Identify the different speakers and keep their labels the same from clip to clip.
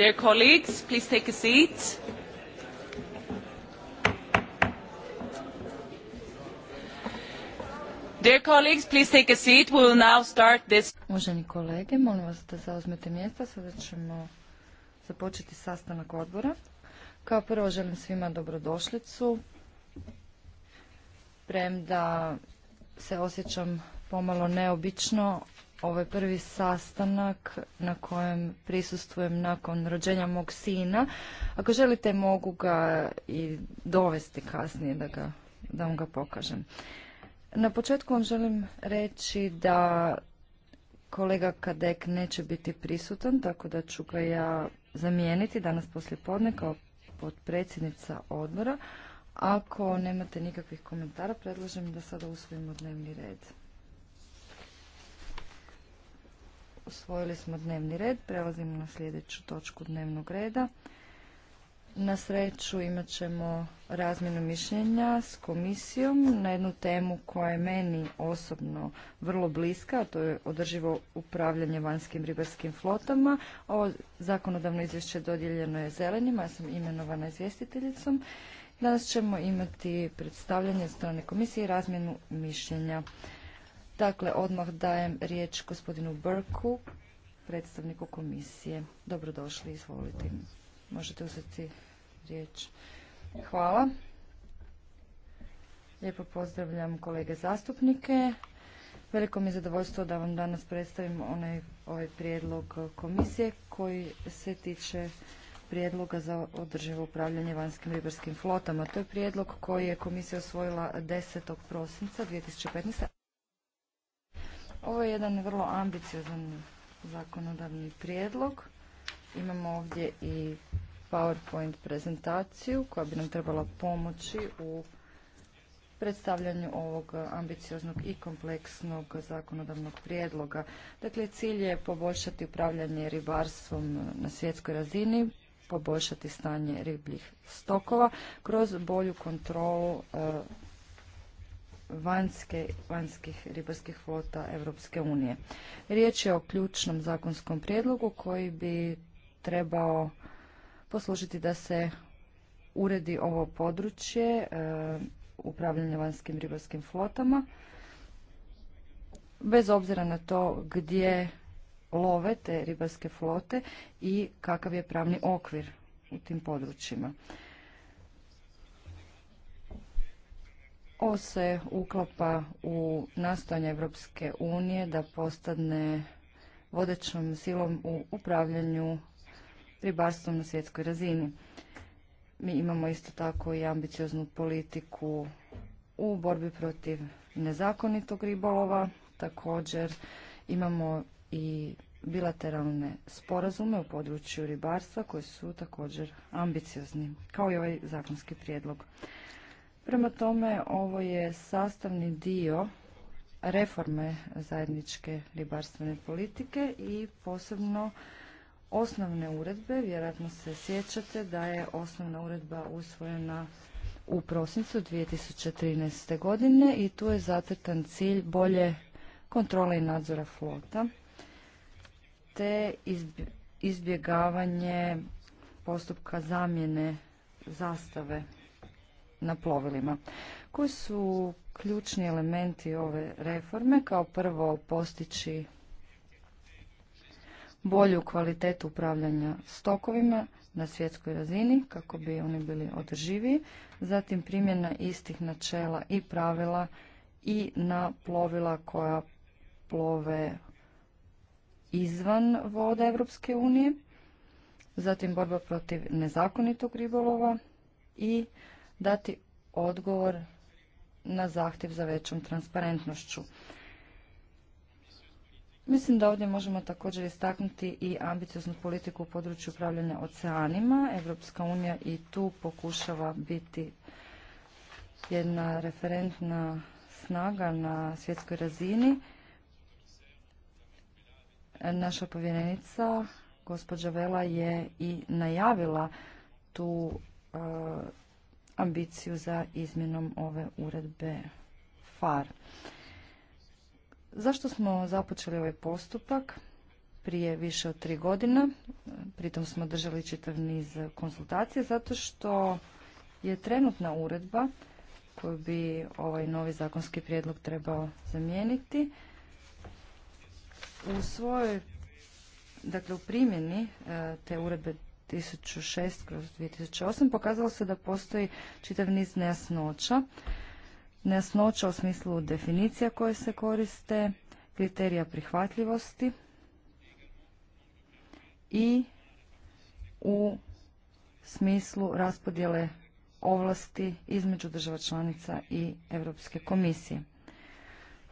Speaker 1: Dear colleagues, please
Speaker 2: Uvaženi kolege, molim vas da zauzmete mjesta, sada ćemo započeti sastanak odbora. Kao prvo želim svima dobrodošlicu. Premda se osjećam pomalo neobično, je prvi sastanak na kojem prisustujem nakon rođenja mog sina. Ako želite mogu ga i dovesti kasnije da, ga, da vam ga pokažem. Na početku vam želim reći da kolega Kadek neće biti prisutan, tako da ću ga ja zamijeniti danas poslije podne kao potpredsjednica odbora. Ako nemate nikakvih komentara, predlažem da sada usvojimo dnevni red. Usvojili smo dnevni red, prelazimo na sljedeću točku dnevnog reda. Na sreću imat ćemo razmjenu mišljenja s komisijom na jednu temu koja je meni osobno vrlo bliska, a to je održivo upravljanje vanjskim ribarskim flotama. Ovo zakonodavno izvješće dodijeljeno je zelenima, ja sam imenovana izvjestiteljicom. Danas ćemo imati predstavljanje strane komisije i razmjenu mišljenja. Dakle, odmah dajem riječ gospodinu Brku, predstavniku komisije. Dobrodošli, izvolite. Možete uzeti riječ. Hvala. Lijepo pozdravljam kolege zastupnike. Veliko mi je zadovoljstvo da vam danas predstavim onaj, ovaj prijedlog komisije koji se tiče prijedloga za održivo upravljanje vanjskim ribarskim flotama. To je prijedlog koji je komisija osvojila 10. prosinca 2015. Ovo je jedan vrlo ambiciozan zakonodavni prijedlog. Imamo ovdje i PowerPoint prezentaciju koja bi nam trebala pomoći u predstavljanju ovog ambicioznog i kompleksnog zakonodavnog prijedloga. Dakle, cilj je poboljšati upravljanje ribarstvom na svjetskoj razini, poboljšati stanje ribljih stokova kroz bolju kontrolu e, vanjske, vanjskih ribarskih flota Europske unije. Riječ je o ključnom zakonskom prijedlogu koji bi trebao poslužiti da se uredi ovo područje e, upravljanja vanjskim ribarskim flotama bez obzira na to gdje love te ribarske flote i kakav je pravni okvir u tim područjima. Ovo se uklapa u nastojanje Europske unije da postane vodećom silom u upravljanju ribarstvom na svjetskoj razini. Mi imamo isto tako i ambicioznu politiku u borbi protiv nezakonitog ribolova. Također imamo i bilateralne sporazume u području ribarstva koji su također ambiciozni, kao i ovaj zakonski prijedlog. Prema tome, ovo je sastavni dio reforme zajedničke ribarstvene politike i posebno osnovne uredbe. Vjerojatno se sjećate da je osnovna uredba usvojena u prosincu 2013. godine i tu je zatetan cilj bolje kontrole i nadzora flota te izbjegavanje postupka zamjene zastave na plovilima. Koji su ključni elementi ove reforme? Kao prvo postići bolju kvalitetu upravljanja stokovima na svjetskoj razini kako bi oni bili održiviji, zatim primjena istih načela i pravila i na plovila koja plove izvan voda Europske unije, zatim borba protiv nezakonitog ribolova i dati odgovor na zahtjev za većom transparentnošću. Mislim da ovdje možemo također istaknuti i ambicioznu politiku u području upravljanja oceanima. Evropska unija i tu pokušava biti jedna referentna snaga na svjetskoj razini. Naša povjerenica, gospođa Vela, je i najavila tu e, ambiciju za izmjenom ove uredbe FAR. Zašto smo započeli ovaj postupak prije više od tri godina? Pritom smo držali čitav niz konsultacija zato što je trenutna uredba koju bi ovaj novi zakonski prijedlog trebao zamijeniti u svojoj, dakle u primjeni e, te uredbe 2006 2008 pokazalo se da postoji čitav niz nejasnoća. Nejasnoća u smislu definicija koje se koriste, kriterija prihvatljivosti i u smislu raspodjele ovlasti između država članica i Europske komisije.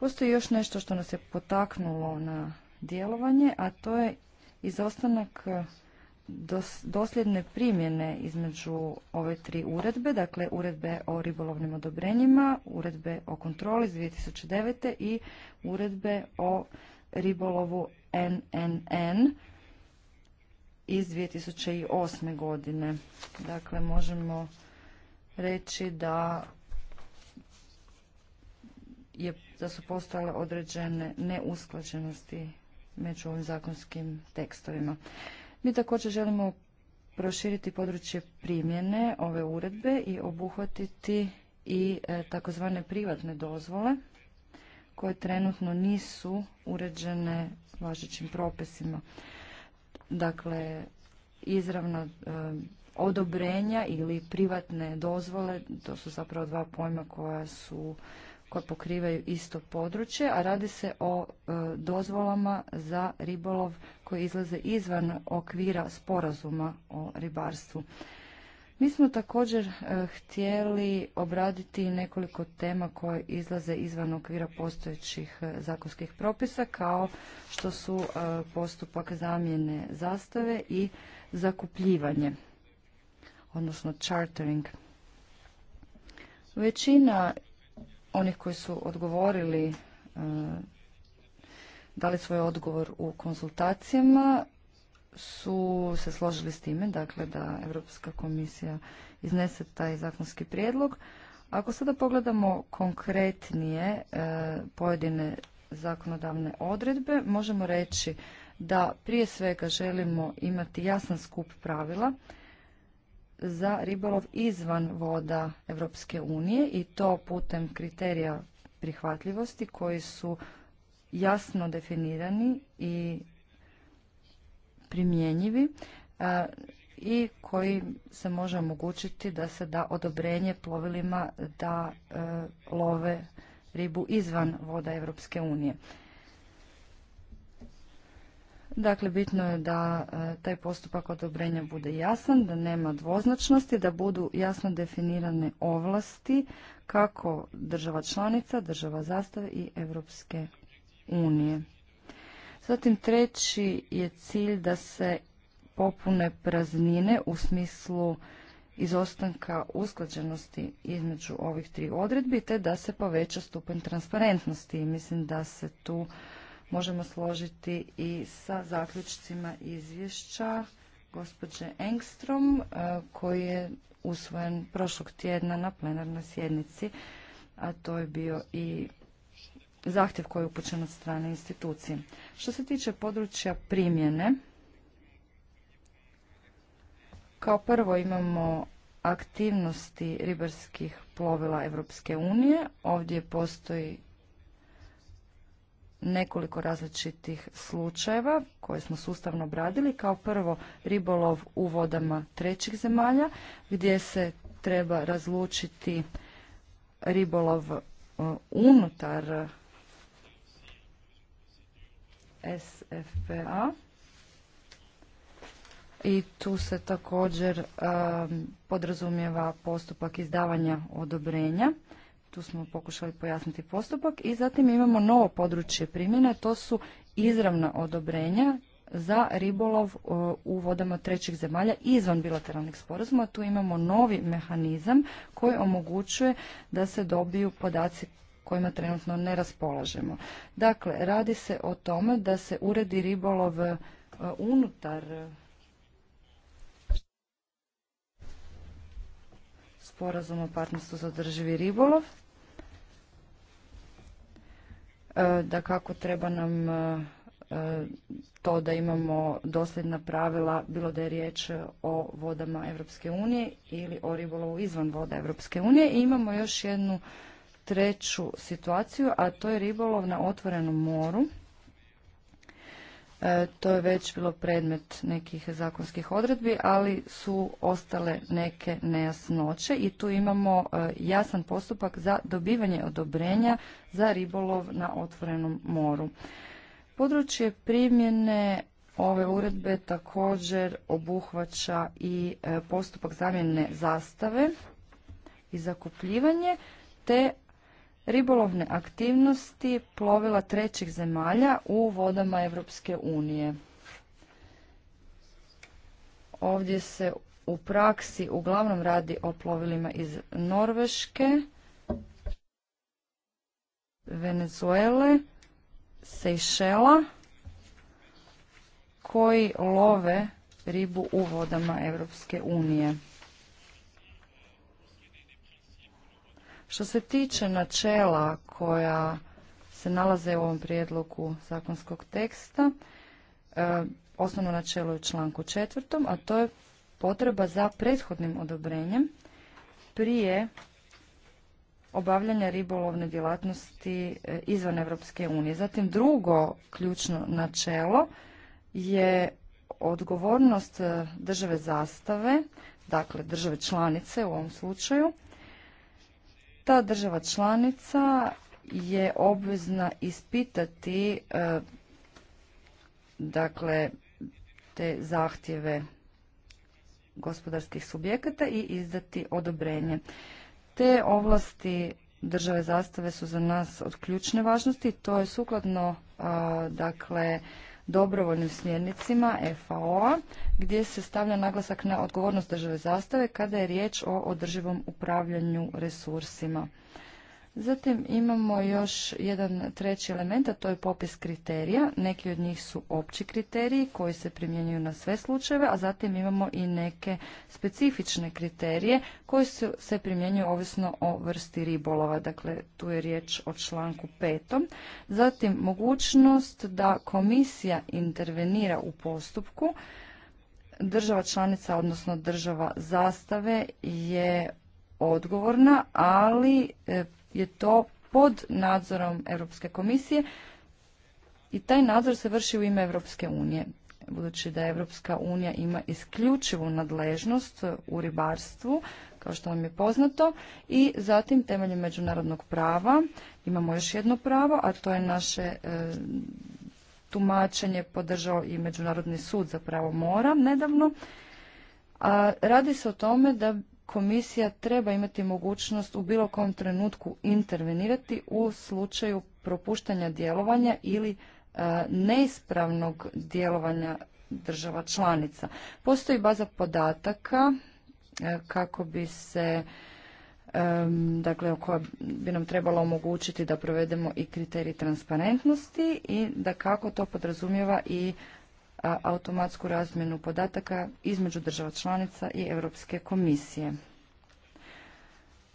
Speaker 2: Postoji još nešto što nas je potaknulo na djelovanje, a to je izostanak dosljedne primjene između ove tri uredbe, dakle uredbe o ribolovnim odobrenjima, uredbe o kontroli iz 2009. i uredbe o ribolovu NNN iz 2008. godine. Dakle, možemo reći da je, da su postale određene neusklađenosti među ovim zakonskim tekstovima. Mi također želimo proširiti područje primjene ove uredbe i obuhvatiti i e, takozvane privatne dozvole koje trenutno nisu uređene važećim propisima. Dakle, izravna e, odobrenja ili privatne dozvole, to su zapravo dva pojma koja su koja pokrivaju isto područje, a radi se o e, dozvolama za ribolov koji izlaze izvan okvira sporazuma o ribarstvu. Mi smo također e, htjeli obraditi nekoliko tema koje izlaze izvan okvira postojećih e, zakonskih propisa kao što su e, postupak zamjene zastave i zakupljivanje, odnosno chartering. Većina onih koji su odgovorili dali svoj odgovor u konsultacijama su se složili s time, dakle da Europska komisija iznese taj zakonski prijedlog. Ako sada pogledamo konkretnije e, pojedine zakonodavne odredbe, možemo reći da prije svega želimo imati jasan skup pravila za ribolov izvan voda Europske unije i to putem kriterija prihvatljivosti koji su jasno definirani i primjenjivi e, i koji se može omogućiti da se da odobrenje plovilima da e, love ribu izvan voda Europske unije. Dakle, bitno je da e, taj postupak odobrenja bude jasan, da nema dvoznačnosti, da budu jasno definirane ovlasti kako država članica, država zastave i Europske unije. Zatim treći je cilj da se popune praznine u smislu izostanka usklađenosti između ovih tri odredbi te da se poveća stupanj transparentnosti. Mislim da se tu možemo složiti i sa zaključcima izvješća gospođe Engstrom e, koji je usvojen prošlog tjedna na plenarnoj sjednici, a to je bio i zahtjev koji je upućen od strane institucije. Što se tiče područja primjene, kao prvo imamo aktivnosti ribarskih plovila Europske unije. Ovdje postoji nekoliko različitih slučajeva koje smo sustavno obradili. Kao prvo ribolov u vodama trećih zemalja gdje se treba razlučiti ribolov e, unutar SFPA i tu se također um, podrazumijeva postupak izdavanja odobrenja. Tu smo pokušali pojasniti postupak i zatim imamo novo područje primjene, to su izravna odobrenja za ribolov uh, u vodama trećih zemalja izvan bilateralnih sporazuma. Tu imamo novi mehanizam koji omogućuje da se dobiju podaci kojima trenutno ne raspolažemo. Dakle, radi se o tome da se uredi ribolov e, unutar sporazuma o partnerstvu za održivi ribolov. E, da kako treba nam e, to da imamo dosljedna pravila, bilo da je riječ o vodama Europske unije ili o ribolovu izvan voda Europske unije. I imamo još jednu treću situaciju, a to je ribolov na otvorenom moru. E, to je već bilo predmet nekih zakonskih odredbi, ali su ostale neke nejasnoće i tu imamo e, jasan postupak za dobivanje odobrenja za ribolov na otvorenom moru. Područje primjene ove uredbe također obuhvaća i e, postupak zamjene zastave i zakupljivanje te ribolovne aktivnosti plovila trećih zemalja u vodama Europske unije. Ovdje se u praksi uglavnom radi o plovilima iz Norveške, Venezuele, Sejšela, koji love ribu u vodama Europske unije. Što se tiče načela koja se nalaze u ovom prijedlogu zakonskog teksta, e, osnovno načelo je u članku četvrtom, a to je potreba za prethodnim odobrenjem prije obavljanja ribolovne djelatnosti e, izvan Europske unije. Zatim drugo ključno načelo je odgovornost e, države zastave, dakle države članice u ovom slučaju, ta država članica je obvezna ispitati e, dakle te zahtjeve gospodarskih subjekata i izdati odobrenje. Te ovlasti države zastave su za nas od ključne važnosti. To je sukladno dakle dobrovoljnim smjernicima FAO-a gdje se stavlja naglasak na odgovornost države zastave kada je riječ o održivom upravljanju resursima. Zatim imamo još jedan treći element, a to je popis kriterija. Neki od njih su opći kriteriji koji se primjenjuju na sve slučajeve, a zatim imamo i neke specifične kriterije koji se primjenjuju ovisno o vrsti ribolova. Dakle, tu je riječ o članku petom. Zatim mogućnost da komisija intervenira u postupku. Država članica, odnosno država zastave je odgovorna, ali e, je to pod nadzorom Europske komisije i taj nadzor se vrši u ime Europske unije. Budući da Europska unija ima isključivu nadležnost u ribarstvu, kao što vam je poznato, i zatim temeljem međunarodnog prava imamo još jedno pravo, a to je naše e, tumačenje podržao i Međunarodni sud za pravo mora nedavno. A radi se o tome da komisija treba imati mogućnost u bilo kom trenutku intervenirati u slučaju propuštanja djelovanja ili e, neispravnog djelovanja država članica. Postoji baza podataka e, kako bi se e, dakle koja bi nam trebala omogućiti da provedemo i kriterij transparentnosti i da kako to podrazumijeva i automatsku razmjenu podataka između država članica i Europske komisije.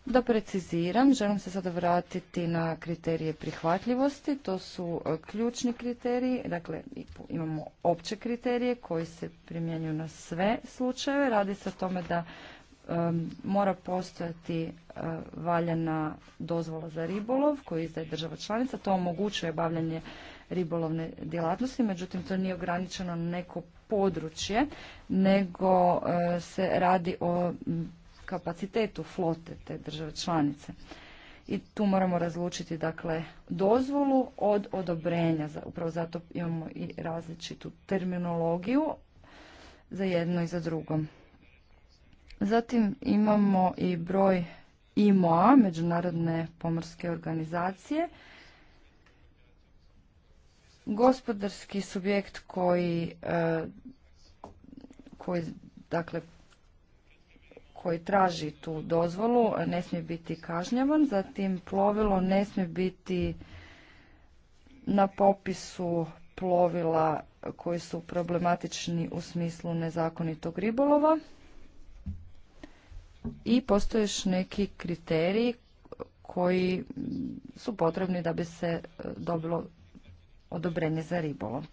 Speaker 2: Da preciziram, želim se sada vratiti na kriterije prihvatljivosti. To su e, ključni kriteriji, dakle imamo opće kriterije koji se primjenjuju na sve slučajeve. Radi se o tome da mora postojati e, valjana dozvola za ribolov koju izdaje država članica. To omogućuje bavljanje ribolovne djelatnosti, međutim to nije ograničeno na neko područje, nego e, se radi o kapacitetu flote te države članice. I tu moramo razlučiti dakle dozvolu od odobrenja, upravo zato imamo i različitu terminologiju za jedno i za drugo. Zatim imamo i broj IMOA, Međunarodne pomorske organizacije, gospodarski subjekt koji e, koji dakle koji traži tu dozvolu ne smije biti kažnjavan, zatim plovilo ne smije biti na popisu plovila koji su problematični u smislu nezakonitog ribolova. I postoje još neki kriteriji koji su potrebni da bi se e, dobilo odobrenje za ribolov.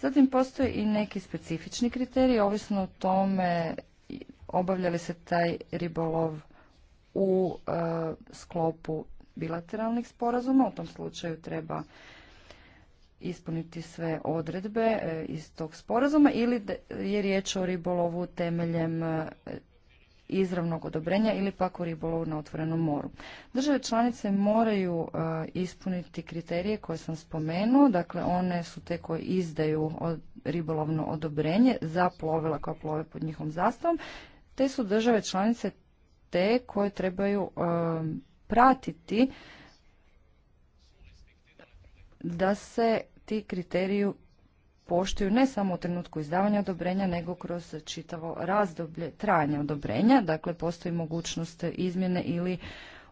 Speaker 2: Zatim postoje i neki specifični kriteriji, ovisno o tome obavlja li se taj ribolov u e, sklopu bilateralnih sporazuma. U tom slučaju treba ispuniti sve odredbe e, iz tog sporazuma ili je riječ o ribolovu temeljem e, izravnog odobrenja ili pak u ribolovu na otvorenom moru. Države članice moraju e, ispuniti kriterije koje sam spomenuo, dakle one su te koje izdaju ribolovno odobrenje za plovila koja plove pod njihom zastavom, te su države članice te koje trebaju e, pratiti da se ti kriteriju poštuju ne samo u trenutku izdavanja odobrenja, nego kroz čitavo razdoblje trajanja odobrenja. Dakle, postoji mogućnost izmjene ili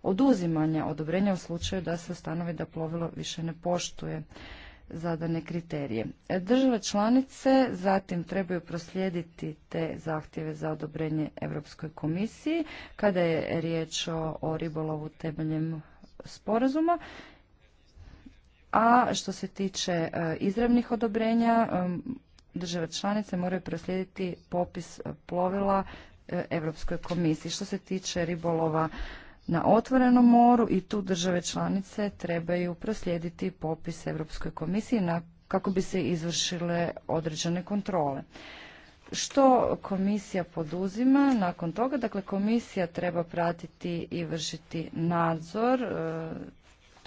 Speaker 2: oduzimanja odobrenja u slučaju da se ustanovi da plovilo više ne poštuje zadane kriterije. Države članice zatim trebaju proslijediti te zahtjeve za odobrenje Europskoj komisiji kada je riječ o ribolovu temeljem sporazuma a što se tiče e, izravnih odobrenja, e, države članice moraju proslijediti popis e, plovila Europskoj komisiji. Što se tiče ribolova na otvorenom moru i tu države članice trebaju proslijediti popis Europskoj komisiji na, kako bi se izvršile određene kontrole. Što komisija poduzima nakon toga? Dakle, komisija treba pratiti i vršiti nadzor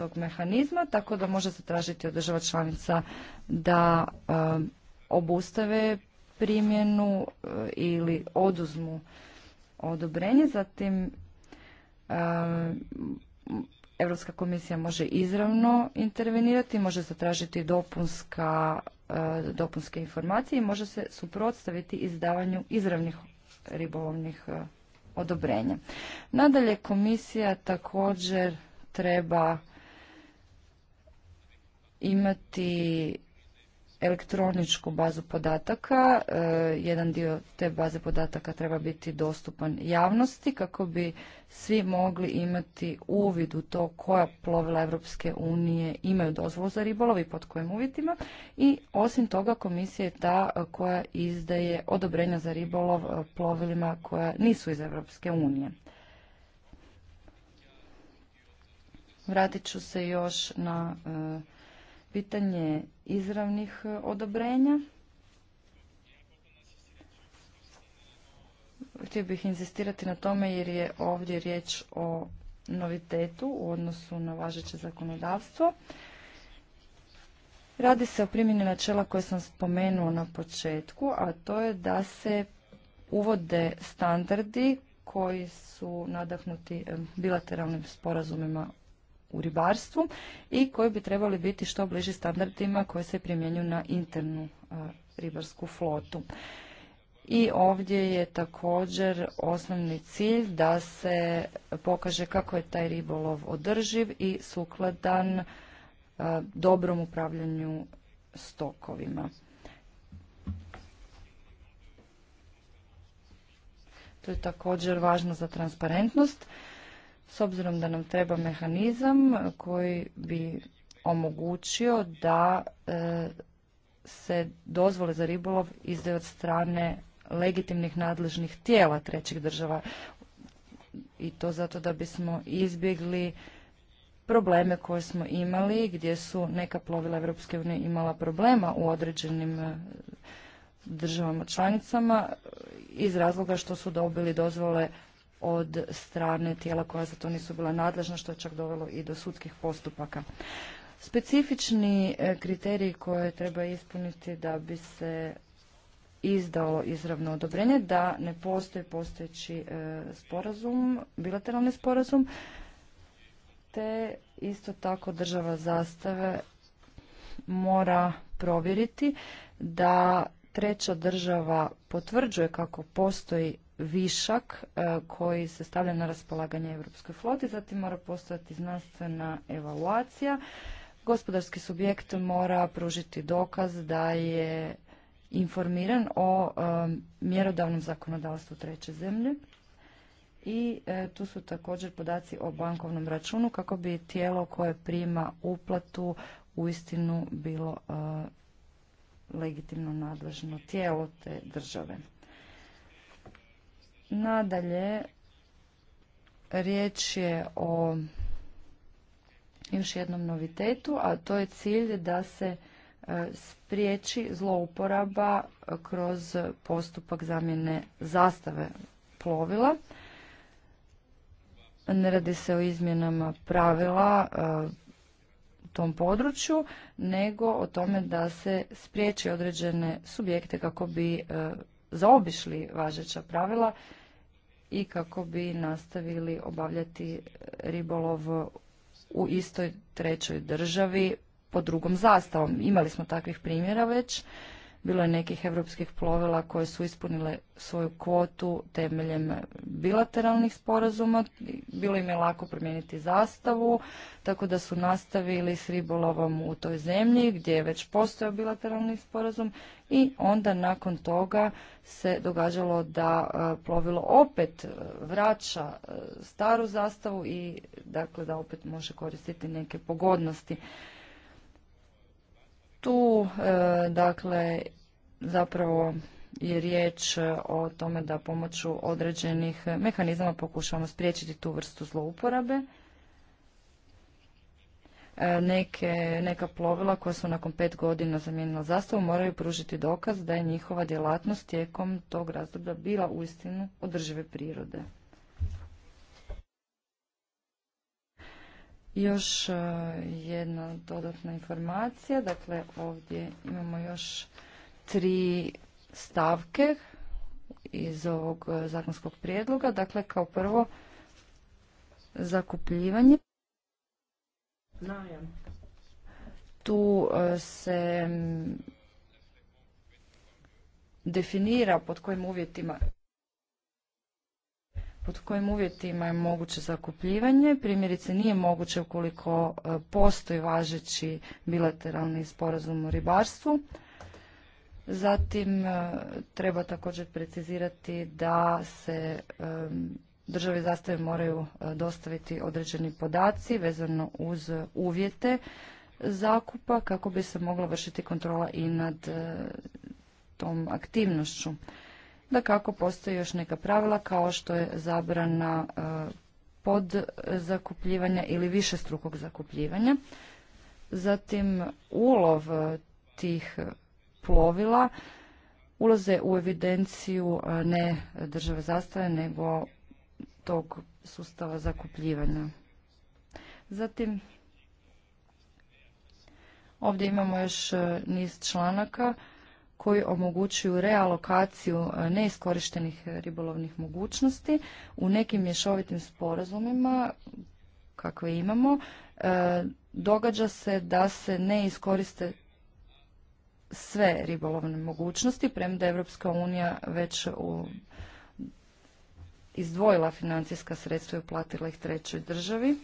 Speaker 2: tog mehanizma, tako da može se tražiti od država članica da e, obustave primjenu e, ili oduzmu odobrenje. Zatim e, Europska komisija može izravno intervenirati, može zatražiti dopunska, dopunske informacije i može se suprotstaviti izdavanju izravnih ribolovnih odobrenja. Nadalje, komisija također treba imati elektroničku bazu podataka. E, jedan dio te baze podataka treba biti dostupan javnosti kako bi svi mogli imati uvid u to koja plovila Europske unije imaju dozvolu za ribolov i pod kojim uvjetima. I osim toga komisija je ta koja izdaje odobrenja za ribolov plovilima koja nisu iz Europske unije. Vratit ću se još na e, pitanje izravnih e, odobrenja. Htio bih insistirati na tome jer je ovdje riječ o novitetu u odnosu na važeće zakonodavstvo. Radi se o primjeni načela koje sam spomenuo na početku, a to je da se uvode standardi koji su nadahnuti e, bilateralnim sporazumima u ribarstvu i koji bi trebali biti što bliži standardima koje se primjenju na internu ribarsku flotu. I ovdje je također osnovni cilj da se pokaže kako je taj ribolov održiv i sukladan dobrom upravljanju stokovima. To je također važno za transparentnost s obzirom da nam treba mehanizam koji bi omogućio da e, se dozvole za ribolov izdaju od strane legitimnih nadležnih tijela trećih država i to zato da bismo izbjegli probleme koje smo imali gdje su neka plovila Europske unije imala problema u određenim e, državama članicama e, iz razloga što su dobili dozvole od strane tijela koja za to nisu bila nadležna, što je čak dovelo i do sudskih postupaka. Specifični e, kriteriji koje treba ispuniti da bi se izdalo izravno odobrenje, da ne postoji postojeći e, sporazum, bilateralni sporazum, te isto tako država zastave mora provjeriti da treća država potvrđuje kako postoji višak e, koji se stavlja na raspolaganje Europskoj floti, zatim mora postojati znanstvena evaluacija. Gospodarski subjekt mora pružiti dokaz da je informiran o e, mjerodavnom zakonodavstvu treće zemlje i e, tu su također podaci o bankovnom računu kako bi tijelo koje prima uplatu uistinu bilo legitimno nadležno tijelo te države. Nadalje, riječ je o još jednom novitetu, a to je cilj da se e, spriječi zlouporaba kroz postupak zamjene zastave plovila. Ne radi se o izmjenama pravila e, u tom području, nego o tome da se spriječi određene subjekte kako bi e, zaobišli važeća pravila i kako bi nastavili obavljati ribolov u istoj trećoj državi pod drugom zastavom. Imali smo takvih primjera već bilo je nekih europskih plovila koje su ispunile svoju kvotu temeljem bilateralnih sporazuma. Bilo im je lako promijeniti zastavu, tako da su nastavili s ribolovom u toj zemlji gdje je već postojao bilateralni sporazum i onda nakon toga se događalo da e, plovilo opet e, vraća e, staru zastavu i dakle da opet može koristiti neke pogodnosti. Tu, e, dakle, zapravo je riječ o tome da pomoću određenih mehanizama pokušavamo spriječiti tu vrstu zlouporabe. E, neke, neka plovila koja su nakon pet godina zamijenila zastavu moraju pružiti dokaz da je njihova djelatnost tijekom tog razdoblja bila uistinu održive prirode. Još e, jedna dodatna informacija, dakle ovdje imamo još tri stavke iz ovog e, zakonskog prijedloga. Dakle, kao prvo, zakupljivanje. Tu e, se definira pod kojim uvjetima pod kojim uvjetima je moguće zakupljivanje. Primjerice nije moguće ukoliko e, postoji važeći bilateralni sporazum o ribarstvu. Zatim e, treba također precizirati da se e, države zastave moraju dostaviti određeni podaci vezano uz uvjete zakupa kako bi se mogla vršiti kontrola i nad tom aktivnošću da kako postoje još neka pravila kao što je zabrana e, pod zakupljivanja ili višestrukog zakupljivanja. Zatim ulov e, tih plovila ulaze u evidenciju e, ne države zastave nego tog sustava zakupljivanja. Zatim ovdje imamo još niz članaka koji omogućuju realokaciju e, neiskorištenih e, ribolovnih mogućnosti. U nekim mješovitim sporazumima kakve imamo e, događa se da se ne iskoriste sve ribolovne mogućnosti, premda Evropska unija već u izdvojila financijska sredstva i uplatila ih trećoj državi.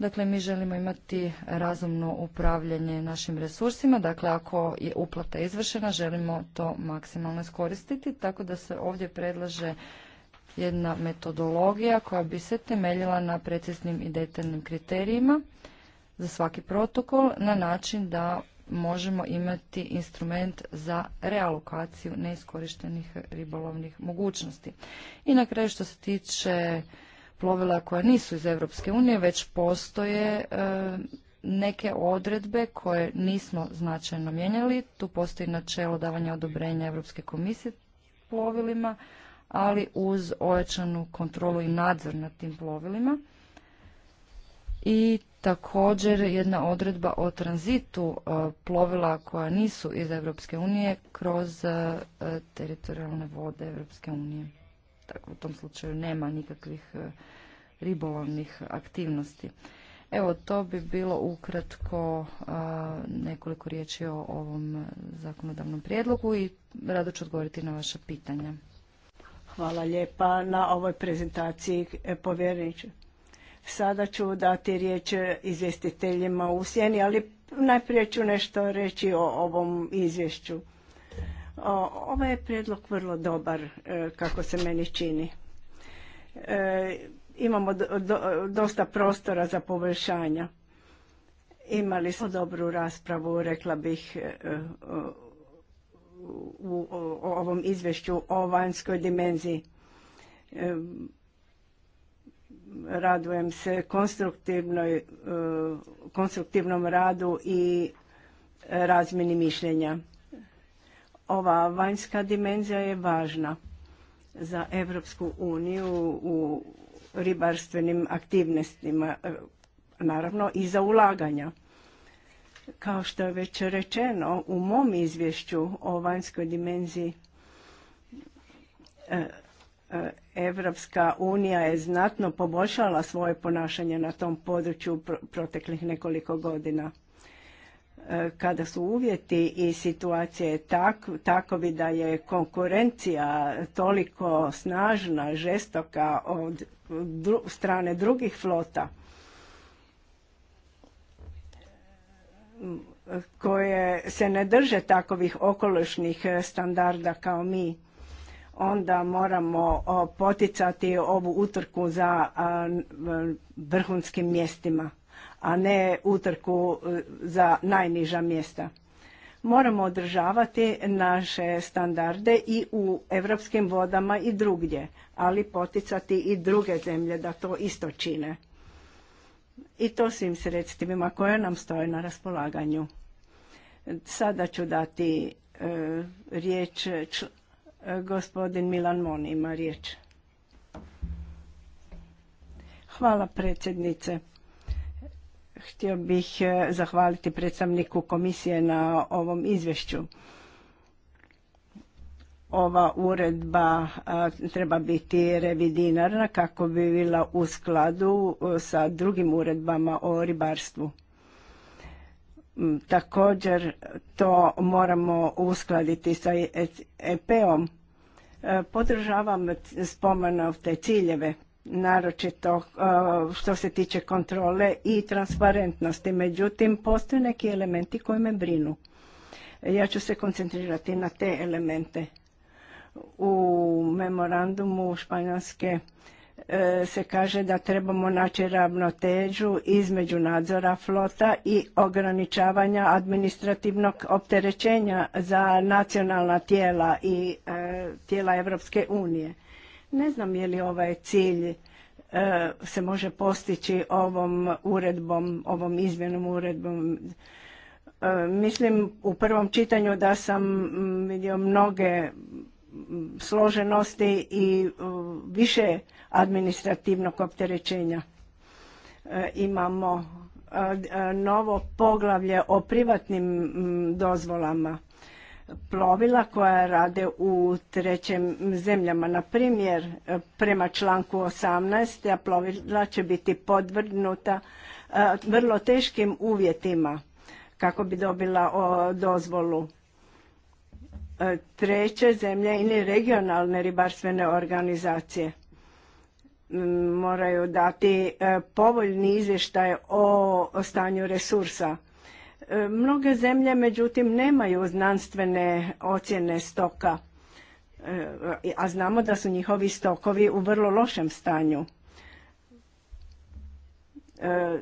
Speaker 2: Dakle, mi želimo imati razumno upravljanje našim resursima. Dakle, ako je uplata izvršena, želimo to maksimalno iskoristiti. Tako da se ovdje predlaže jedna metodologija koja bi se temeljila na preciznim i detaljnim kriterijima za svaki protokol na način da možemo imati instrument za realokaciju neiskorištenih ribolovnih mogućnosti. I na kraju što se tiče plovila koja nisu iz Europske unije, već postoje e, neke odredbe koje nismo značajno mijenjali. Tu postoji načelo davanja odobrenja Europske komisije plovilima, ali uz ojačanu kontrolu i nadzor nad tim plovilima. I također jedna odredba o tranzitu e, plovila koja nisu iz Europske unije kroz e, teritorijalne vode Europske unije u tom slučaju nema nikakvih e, ribolovnih aktivnosti. Evo, to bi bilo ukratko nekoliko riječi o ovom
Speaker 3: zakonodavnom prijedlogu i rado ću odgovoriti na
Speaker 2: vaša pitanja. Hvala
Speaker 3: lijepa na ovoj prezentaciji e, povjerniče. Sada ću dati riječ e, izvjestiteljima u sjeni, ali najprije ću nešto reći o ovom izvješću. Ovaj je prijedlog vrlo dobar, e, kako se meni čini. E, imamo dosta prostora za poboljšanja. Imali smo dobru raspravu, rekla bih, e, u ovom izvješću o vanjskoj dimenziji. Radujem se konstruktivnom radu i razmjeni mišljenja ova vanjska dimenzija je važna za Europsku uniju u ribarstvenim aktivnostima, naravno i za ulaganja. Kao što je već rečeno u mom izvješću o vanjskoj dimenziji, e, e, Evropska unija je znatno poboljšala svoje ponašanje na tom području proteklih nekoliko godina kada su uvjeti i situacije tak, takovi da je konkurencija toliko snažna, žestoka od strane drugih flota koje se ne drže takovih okolišnih standarda kao mi, onda moramo poticati ovu utrku za vrhunskim mjestima a ne utrku e, za najniža mjesta. Moramo održavati naše standarde i u europskim vodama i drugdje, ali poticati i druge zemlje da to isto čine. I to svim sredstvima koje nam stoje na raspolaganju. Sada ću dati e, riječ e, gospodin Milan Moni ima riječ. Hvala predsjednice. Htio bih e, zahvaliti predstavniku komisije na ovom izvješću. Ova uredba treba biti revidirana kako bi bila u skladu e, sa drugim uredbama o ribarstvu. Mm, također to moramo uskladiti sa EP-om. E podržavam spomenute ciljeve naročito uh, što se tiče kontrole i transparentnosti. Međutim, postoje neki elementi koji me brinu. Ja ću se koncentrirati na te elemente. U memorandumu Španjolske uh, se kaže da trebamo naći ravnotežu između nadzora flota i ograničavanja administrativnog opterećenja za nacionalna tijela i uh, tijela Europske unije ne znam je li ovaj cilj e, se može postići ovom uredbom, ovom izmjenom uredbom. E, mislim u prvom čitanju da sam vidio mnoge složenosti i više administrativnog opterećenja. E, imamo novo poglavlje o privatnim dozvolama plovila koja rade u trećim zemljama. Na primjer, prema članku 18. plovila će biti podvrgnuta vrlo teškim uvjetima kako bi dobila dozvolu. E, treće zemlje ili regionalne ribarstvene organizacije moraju dati e, povoljni izvještaj o stanju resursa E, mnoge zemlje, međutim, nemaju znanstvene ocjene stoka, e, a znamo da su njihovi stokovi u vrlo lošem stanju. E,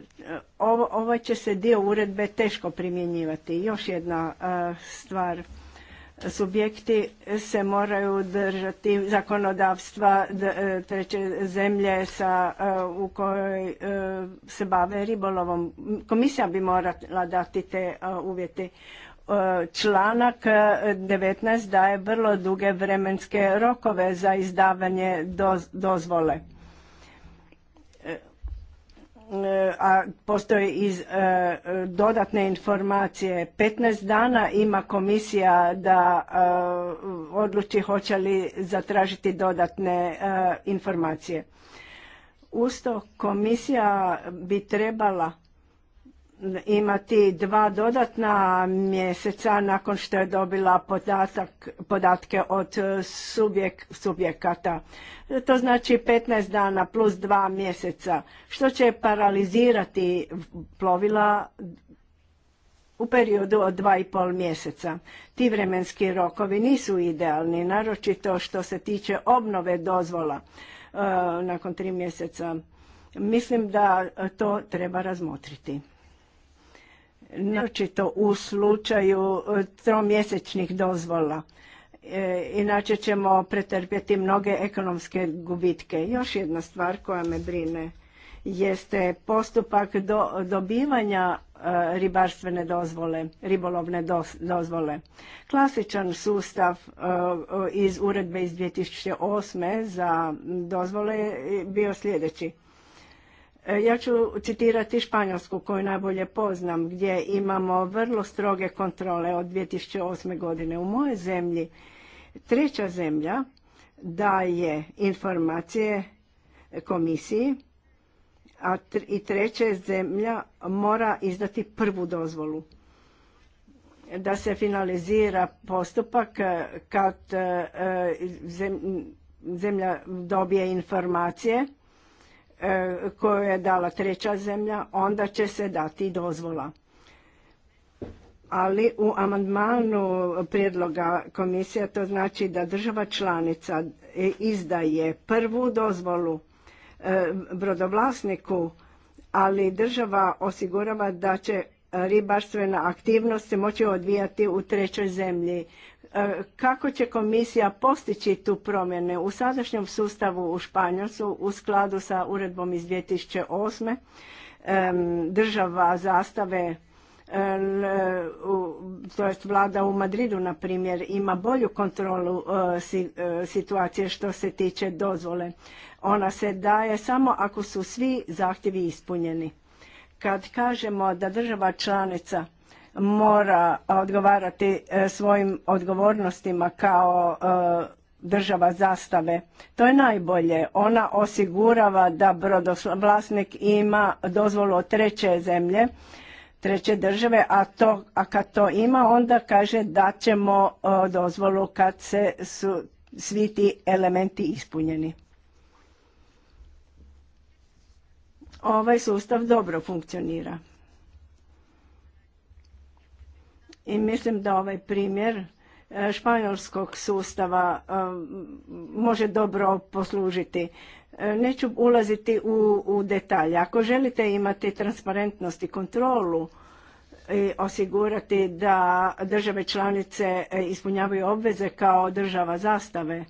Speaker 3: ovo, ovaj će se dio uredbe teško primjenjivati. Još jedna stvar subjekti se moraju držati zakonodavstva e, treće zemlje sa, e, u kojoj e, se bave ribolovom. Komisija bi morala dati te uvjete. Članak 19 daje vrlo duge vremenske rokove za izdavanje dozvole E, a postoje iz e, dodatne informacije. 15 dana ima komisija da e, odluči hoće li zatražiti dodatne informacije. Usto komisija bi trebala imati dva dodatna mjeseca nakon što je dobila podatak, podatke od subjekata. To znači 15 dana plus dva mjeseca, što će paralizirati plovila u periodu od dva i pol mjeseca. Ti vremenski rokovi nisu idealni, naročito što se tiče obnove dozvola e, nakon tri mjeseca. Mislim da to treba razmotriti naročito u slučaju e, tromjesečnih dozvola. E, inače ćemo pretrpjeti mnoge ekonomske gubitke. Još jedna stvar koja me brine jeste postupak dobivanja e, ribarstvene dozvole, ribolovne dozvole. Klasičan sustav iz uredbe iz 2008. za dozvole je bio sljedeći E, ja ću citirati Španjolsku koju najbolje poznam gdje imamo vrlo stroge kontrole od 2008. godine. U moje zemlji treća zemlja daje informacije komisiji a i treća zemlja mora izdati prvu dozvolu da se finalizira postupak e, kad e, zemlja dobije informacije E, koju je dala treća zemlja, onda će se dati dozvola. Ali u amandmanu prijedloga komisija to znači da država članica e, izdaje prvu dozvolu e, brodovlasniku, ali država osigurava da će ribarstvena aktivnost se moći odvijati u trećoj zemlji. E, kako će komisija postići tu promjene? u sadašnjem sustavu u Španjolcu u skladu sa uredbom iz 2008. država zastave to vlada u Madridu na primjer ima bolju kontrolu e, e, situacije što se tiče dozvole. Ona se daje samo ako su svi zahtjevi ispunjeni. Kad kažemo da država članica mora odgovarati e, svojim odgovornostima kao e, država zastave. To je najbolje. Ona osigurava da vlasnik ima dozvolu od treće zemlje, treće države, a, a kad to ima onda kaže da ćemo e, dozvolu kad se su svi ti elementi ispunjeni. Ovaj sustav dobro funkcionira. I mislim da ovaj primjer e, španjolskog sustava e, može dobro poslužiti. E, neću ulaziti u, u detalje. Ako želite imati transparentnost i kontrolu i osigurati da države članice ispunjavaju obveze kao država zastave,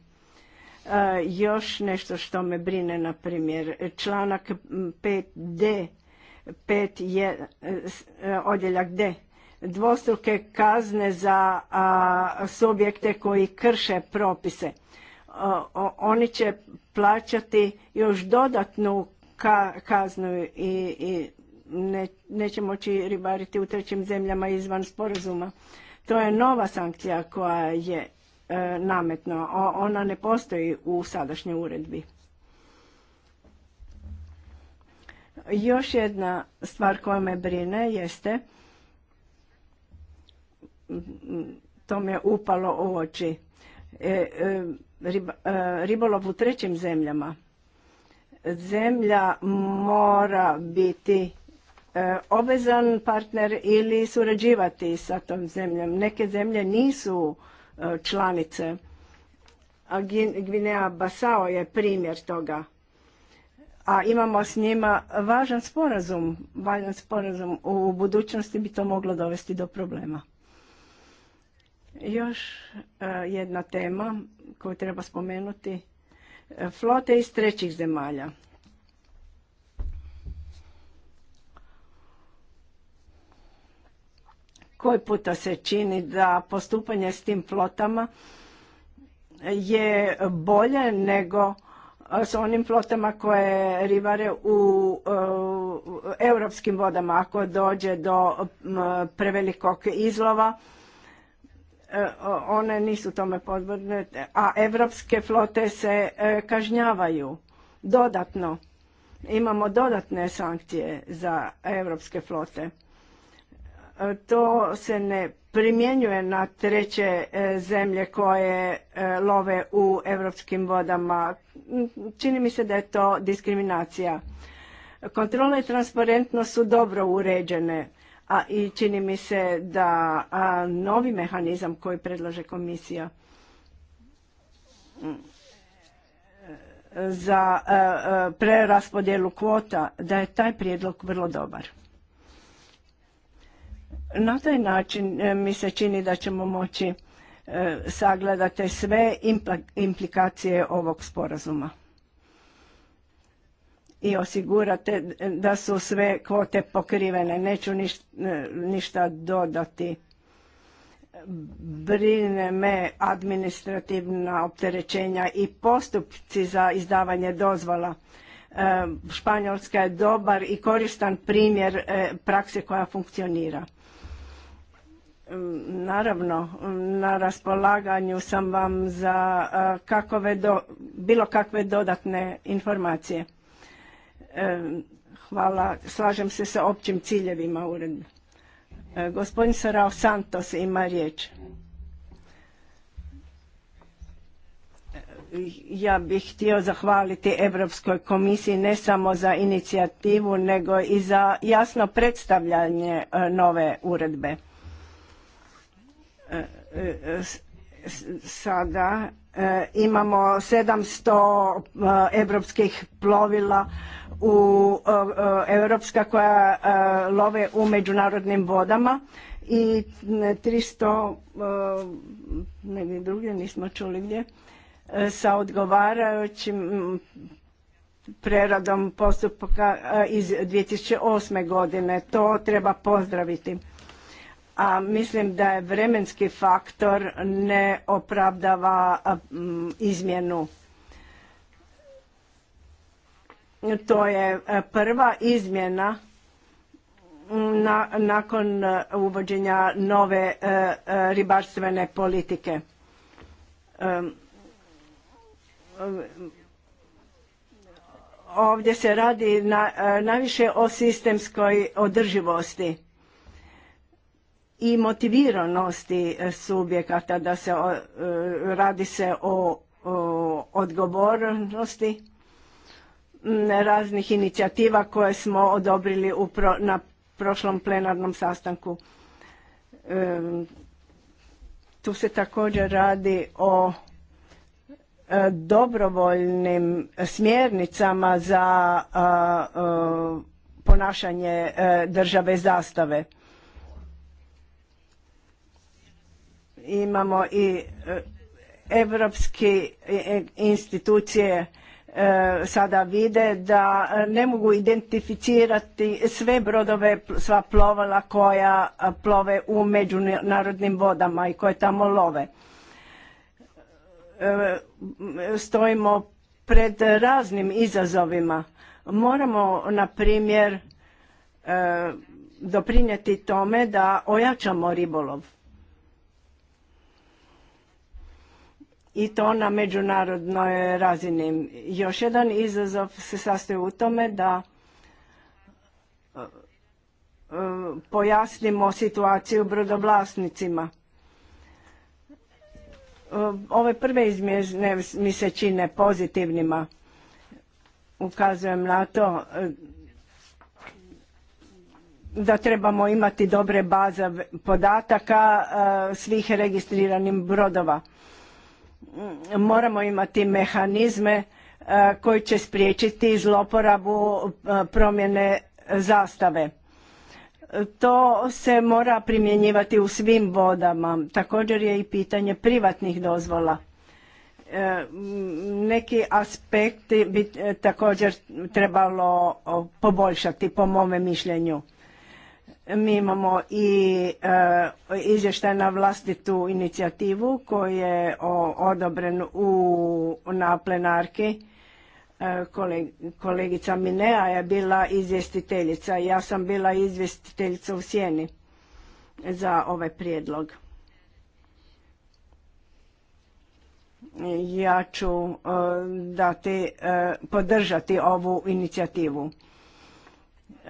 Speaker 3: još nešto što me brine, na primjer, članak 5D, 5 je, odjeljak D, dvostruke kazne za subjekte koji krše propise. oni će plaćati još dodatnu kaznu i, neće moći ribariti u trećim zemljama izvan sporazuma. To je nova sankcija koja je e, nametna. Ona ne postoji u sadašnjoj uredbi. Još jedna stvar koja me brine jeste to me upalo u oči. E, e, e, ribolov u trećim zemljama. Zemlja mora biti e, obvezan partner ili surađivati sa tom zemljom. Neke zemlje nisu članice. Gvinea Basao je primjer toga. A imamo s njima važan sporazum. Važan sporazum. U budućnosti bi to moglo dovesti do problema. Još e, jedna tema koju treba spomenuti, e, flote iz trećih zemalja. Koji puta se čini da postupanje s tim flotama je bolje nego e, s onim flotama koje ribare u europskim vodama ako dođe do prevelikog izlova E, one nisu tome podvrgnute a evropske flote se e, kažnjavaju dodatno. Imamo dodatne sankcije za evropske flote. E, to se ne primjenjuje na treće zemlje koje love u evropskim vodama. Čini mi se da je to diskriminacija. Kontrole i transparentnost su dobro uređene a i čini mi se da novi mehanizam koji predlaže komisija mm, za e, e, preraspodjelu kvota, da je taj prijedlog vrlo dobar. Na taj način e, mi se čini da ćemo moći sagledati sve implikacije ovog sporazuma i osigurate da su sve kvote pokrivene. Neću e, ništa dodati. Brine me administrativna opterećenja i postupci za izdavanje dozvola. E, Španjolska je dobar i koristan primjer e, prakse koja funkcionira. naravno, na raspolaganju sam vam za bilo kakve dodatne informacije. Hvala, slažem se sa općim ciljevima uredbe. E, gospodin Sarao Santos ima riječ. E, ja bih htio zahvaliti Europskoj komisiji ne samo za inicijativu, nego i za jasno predstavljanje e, nove uredbe. Sada imamo 700 europskih plovila u europska koja e, love u međunarodnim vodama i 300 negdje drugdje nismo čuli gdje e, sa odgovarajućim preradom postupka e, iz 2008. godine. To treba pozdraviti. A mislim da je vremenski faktor ne opravdava izmjenu to je e, prva izmjena mm, nakon e, uvođenja nove e, ribarstvene politike. Ovdje se radi na, najviše o sistemskoj održivosti i motiviranosti subjekata da se radi se o odgovornosti raznih inicijativa koje smo odobrili na prošlom plenarnom sastanku. tu se također radi o e, dobrovoljnim smjernicama za ponašanje e, države zastave. Imamo i e, evropske institucije E, sada vide da ne mogu identificirati sve brodove, sva plovala koja plove u međunarodnim vodama i koje tamo love. E, stojimo pred raznim izazovima. Moramo, na primjer, e, doprinijeti tome da ojačamo ribolov i to na međunarodnoj razini. Još jedan izazov se sastoji u tome da e, pojasnimo situaciju brodovlasnicima. E, ove prve izmjene mi se čine pozitivnima. Ukazujem na to e, da trebamo imati dobre baze podataka svih registriranih brodova Mm, moramo imati mehanizme e, koji će spriječiti zloporabu e, promjene zastave. To se mora primjenjivati u svim vodama. Također je i pitanje privatnih dozvola. E, neki aspekti bi također trebalo poboljšati po mome mišljenju. Mi imamo i e, izvještaj na vlastitu inicijativu koji je odobren u, na plenarki. E, kolegica Minea je bila izvjestiteljica, ja sam bila izvjestiteljica u Sjeni za ovaj prijedlog. Ja ću e, dati, podržati ovu inicijativu.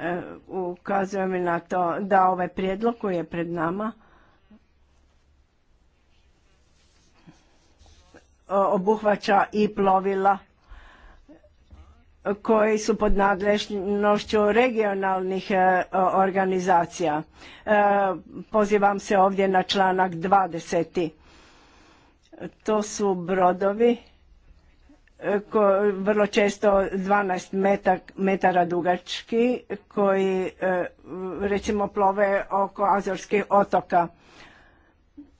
Speaker 3: E, ukazuje mi na to da ovaj prijedlog koji je pred nama obuhvaća i plovila koji su pod nadležnošću regionalnih e, organizacija. E, pozivam se ovdje na članak 20. To su brodovi E, vrlo često 12 metara dugački koji e, recimo plove oko Azorskih otoka.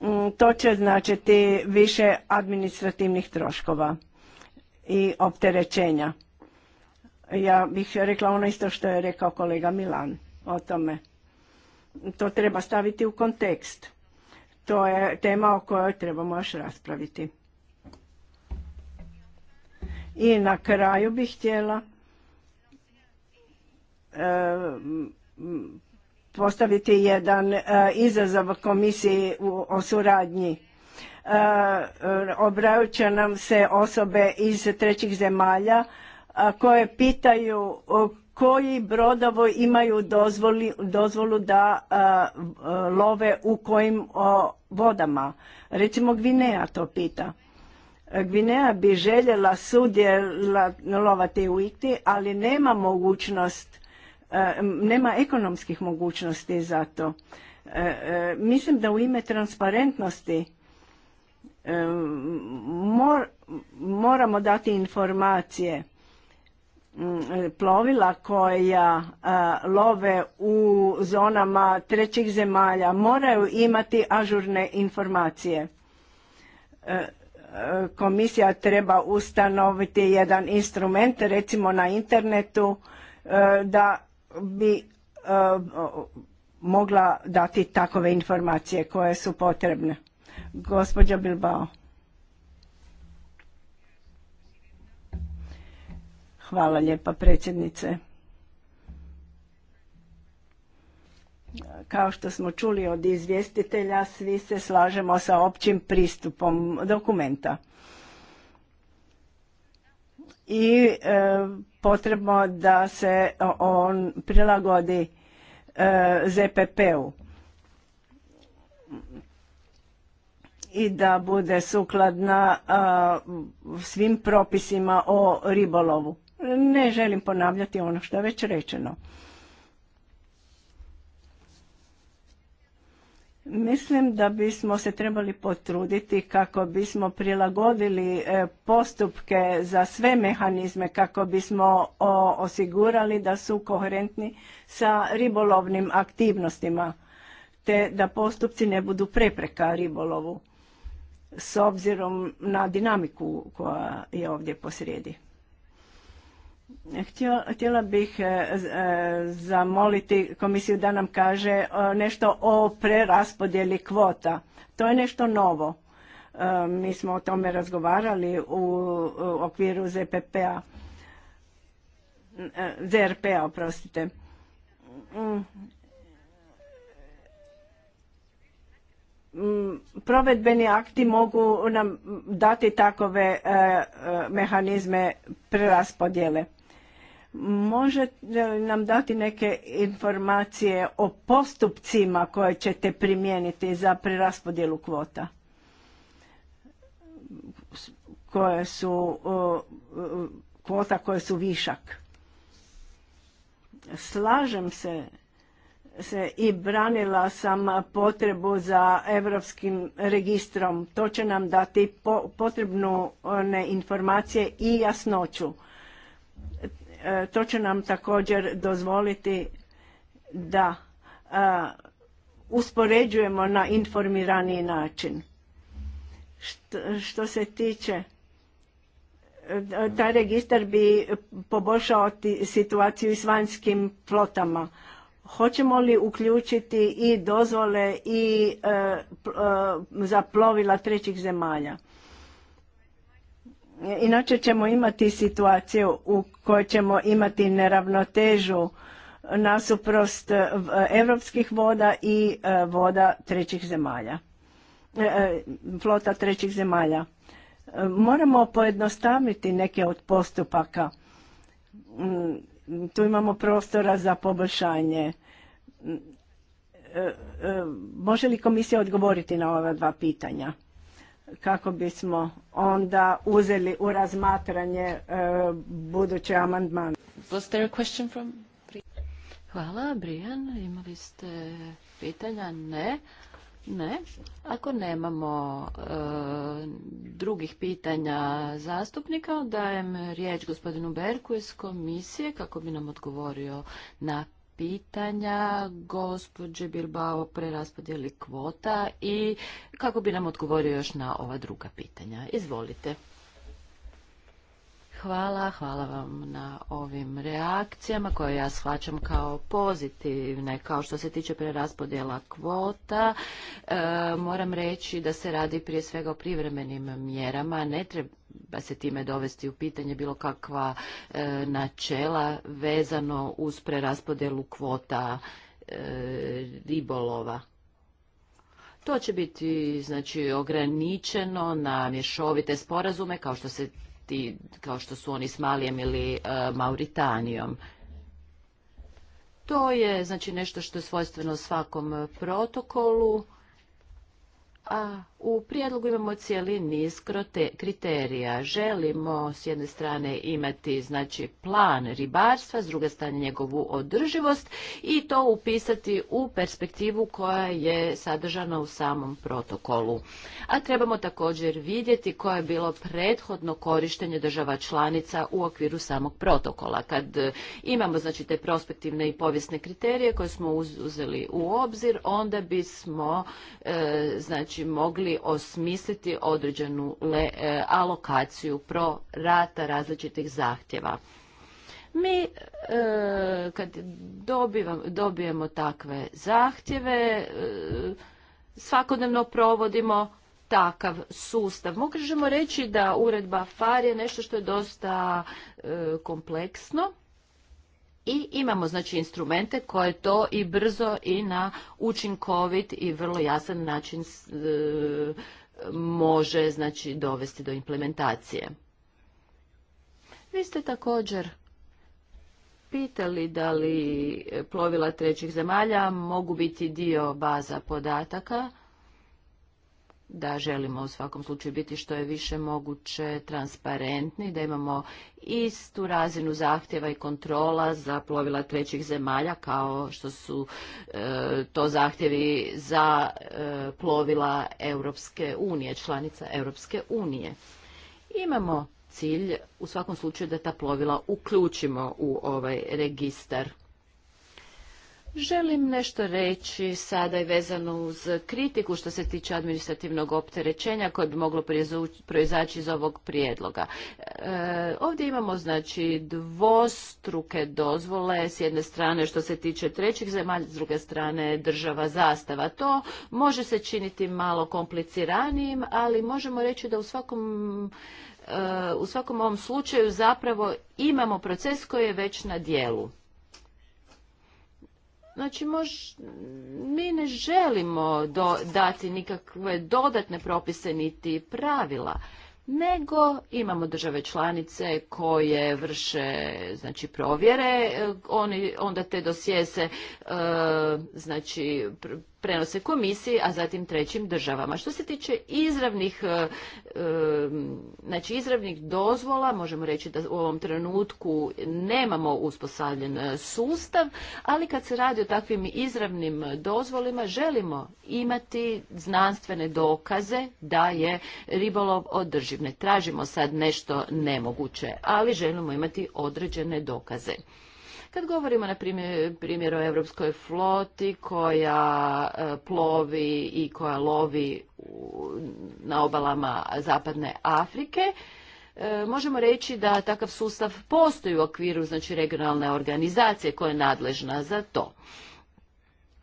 Speaker 3: Mm, to će značiti više administrativnih troškova i opterećenja. Ja bih rekla ono isto što je rekao kolega Milan o tome. To treba staviti u kontekst. To je tema o kojoj trebamo još raspraviti. I na kraju bih htjela e, postaviti jedan e, izazov komisiji o suradnji. E, Obrajuće nam se osobe iz trećih zemalja koje pitaju koji brodovo imaju dozvolu da love u kojim vodama. Recimo Gvineja to pita. Gvineja bi željela sudjelovati u IKTI, ali nema mogućnost, e, nema ekonomskih mogućnosti za to. E, e, mislim da u ime transparentnosti moramo dati informacije mm, plovila koja love u zonama trećih zemalja moraju imati ažurne informacije komisija treba ustanoviti jedan instrument recimo na internetu e, da bi e, mogla dati takove informacije koje su potrebne. Gospođa Bilbao. Hvala lijepa predsjednice. Kao što smo čuli od izvjestitelja, svi se slažemo sa općim pristupom dokumenta. I e, potrebno da se on prilagodi e, ZPP-u i da bude sukladna svim propisima o ribolovu. Ne želim ponavljati ono što je već rečeno. Mislim da bismo se trebali potruditi kako bismo prilagodili e, postupke za sve mehanizme, kako bismo osigurali da su koherentni sa ribolovnim aktivnostima, te da postupci ne budu prepreka ribolovu s obzirom na dinamiku koja je ovdje posrijedi. Htjela bih e, e, zamoliti komisiju da nam kaže e, nešto o preraspodjeli kvota. To je nešto novo. Mi smo o tome razgovarali u okviru ZPP-a, ZRP-a, oprostite. Mm. Mm, provedbeni akti mogu nam dati takove mehanizme preraspodjele Možete nam dati neke informacije o postupcima koje ćete primijeniti za preraspodjelu kvota? Koje su, kvota koje su višak. Slažem se se i branila sam potrebu za europskim registrom. To će nam dati potrebnu informacije i jasnoću. E, to će nam također dozvoliti da e, uspoređujemo na informiraniji način. Što se tiče e, taj registar bi poboljšao situaciju i s vanjskim flotama. Hoćemo li uključiti i dozvole i za plovila trećih zemalja? Inače ćemo imati situaciju u kojoj ćemo imati neravnotežu nasuprost e, evropskih voda i e, voda trećih zemalja, e, flota trećih zemalja. Moramo pojednostaviti neke od postupaka. Mm, tu imamo prostora za poboljšanje. Mm, može li komisija odgovoriti na ova dva pitanja? kako bismo onda uzeli u razmatranje e, buduće amandmane. Hvala, Brian. Imali
Speaker 1: ste pitanja? Ne. Ne. Ako nemamo e, drugih pitanja zastupnika, dajem riječ gospodinu Berku iz komisije kako bi nam odgovorio na pitanja gospođe Bilbao preraspodjeli kvota i kako bi nam odgovorio još na ova druga pitanja. Izvolite. Hvala, hvala vam na ovim reakcijama koje ja shvaćam kao pozitivne. Kao što se tiče preraspodjela kvota, e, moram reći da se radi prije svega o privremenim mjerama. Ne treba se time dovesti u pitanje bilo kakva e, načela vezano uz preraspodjelu kvota e, ribolova. To će biti znači ograničeno na mješovite sporazume kao što se i kao što su oni s Malijem ili e, Mauritanijom. To je znači nešto što je svojstveno svakom protokolu, a u prijedlogu imamo cijeli niz kriterija. Želimo s jedne strane imati znači plan ribarstva, s druge strane njegovu održivost i to upisati u perspektivu koja je sadržana u samom protokolu. A trebamo također vidjeti koje je bilo prethodno korištenje država članica u okviru samog protokola. Kad e, imamo znači te prospektivne i povijesne kriterije koje smo uzeli u obzir, onda bismo e, znači mogli osmisliti određenu le, e, alokaciju pro rata različitih zahtjeva. Mi e, kad dobijemo takve zahtjeve, e, svakodnevno provodimo takav sustav. Možemo reći da uredba FAR je nešto što je dosta kompleksno i imamo znači instrumente koje to i brzo i na učinkovit i vrlo jasan način e, može znači dovesti do implementacije. Vi ste također pitali da li plovila trećih zemalja mogu biti dio baza podataka da želimo u svakom slučaju biti što je više moguće transparentni, da imamo istu razinu zahtjeva i kontrola za plovila trećih zemalja kao što su e, to zahtjevi za e, plovila Europske unije, članica Europske unije. Imamo cilj u svakom slučaju da ta plovila uključimo u ovaj registar Želim nešto reći sada i vezano uz kritiku što se tiče administrativnog opterećenja koje bi moglo proizaći iz ovog prijedloga. E, ovdje imamo znači dvostruke dozvole s jedne strane što se tiče trećih zemalja, s druge strane država zastava. To može se činiti malo kompliciranijim, ali možemo reći da u svakom e, u svakom ovom slučaju zapravo imamo proces koji je već na dijelu. Znači, mož, mi ne želimo do, dati nikakve dodatne propise niti pravila, nego imamo države članice koje vrše znači, provjere, e, oni onda te dosije se e, znači, prenose komisiji, a zatim trećim državama. Što se tiče izravnih, e, e, znači izravnih dozvola, možemo reći da u ovom trenutku nemamo uspostavljen e, sustav, ali kad se radi o takvim izravnim dozvolima, želimo imati znanstvene dokaze da je ribolov održiv. Ne tražimo sad nešto nemoguće, ali želimo imati određene dokaze. Kad govorimo na primjer, primjer o europskoj floti koja e, plovi i koja lovi na obalama zapadne Afrike, e, možemo reći da takav sustav postoji u okviru znači regionalne organizacije koja je nadležna za to.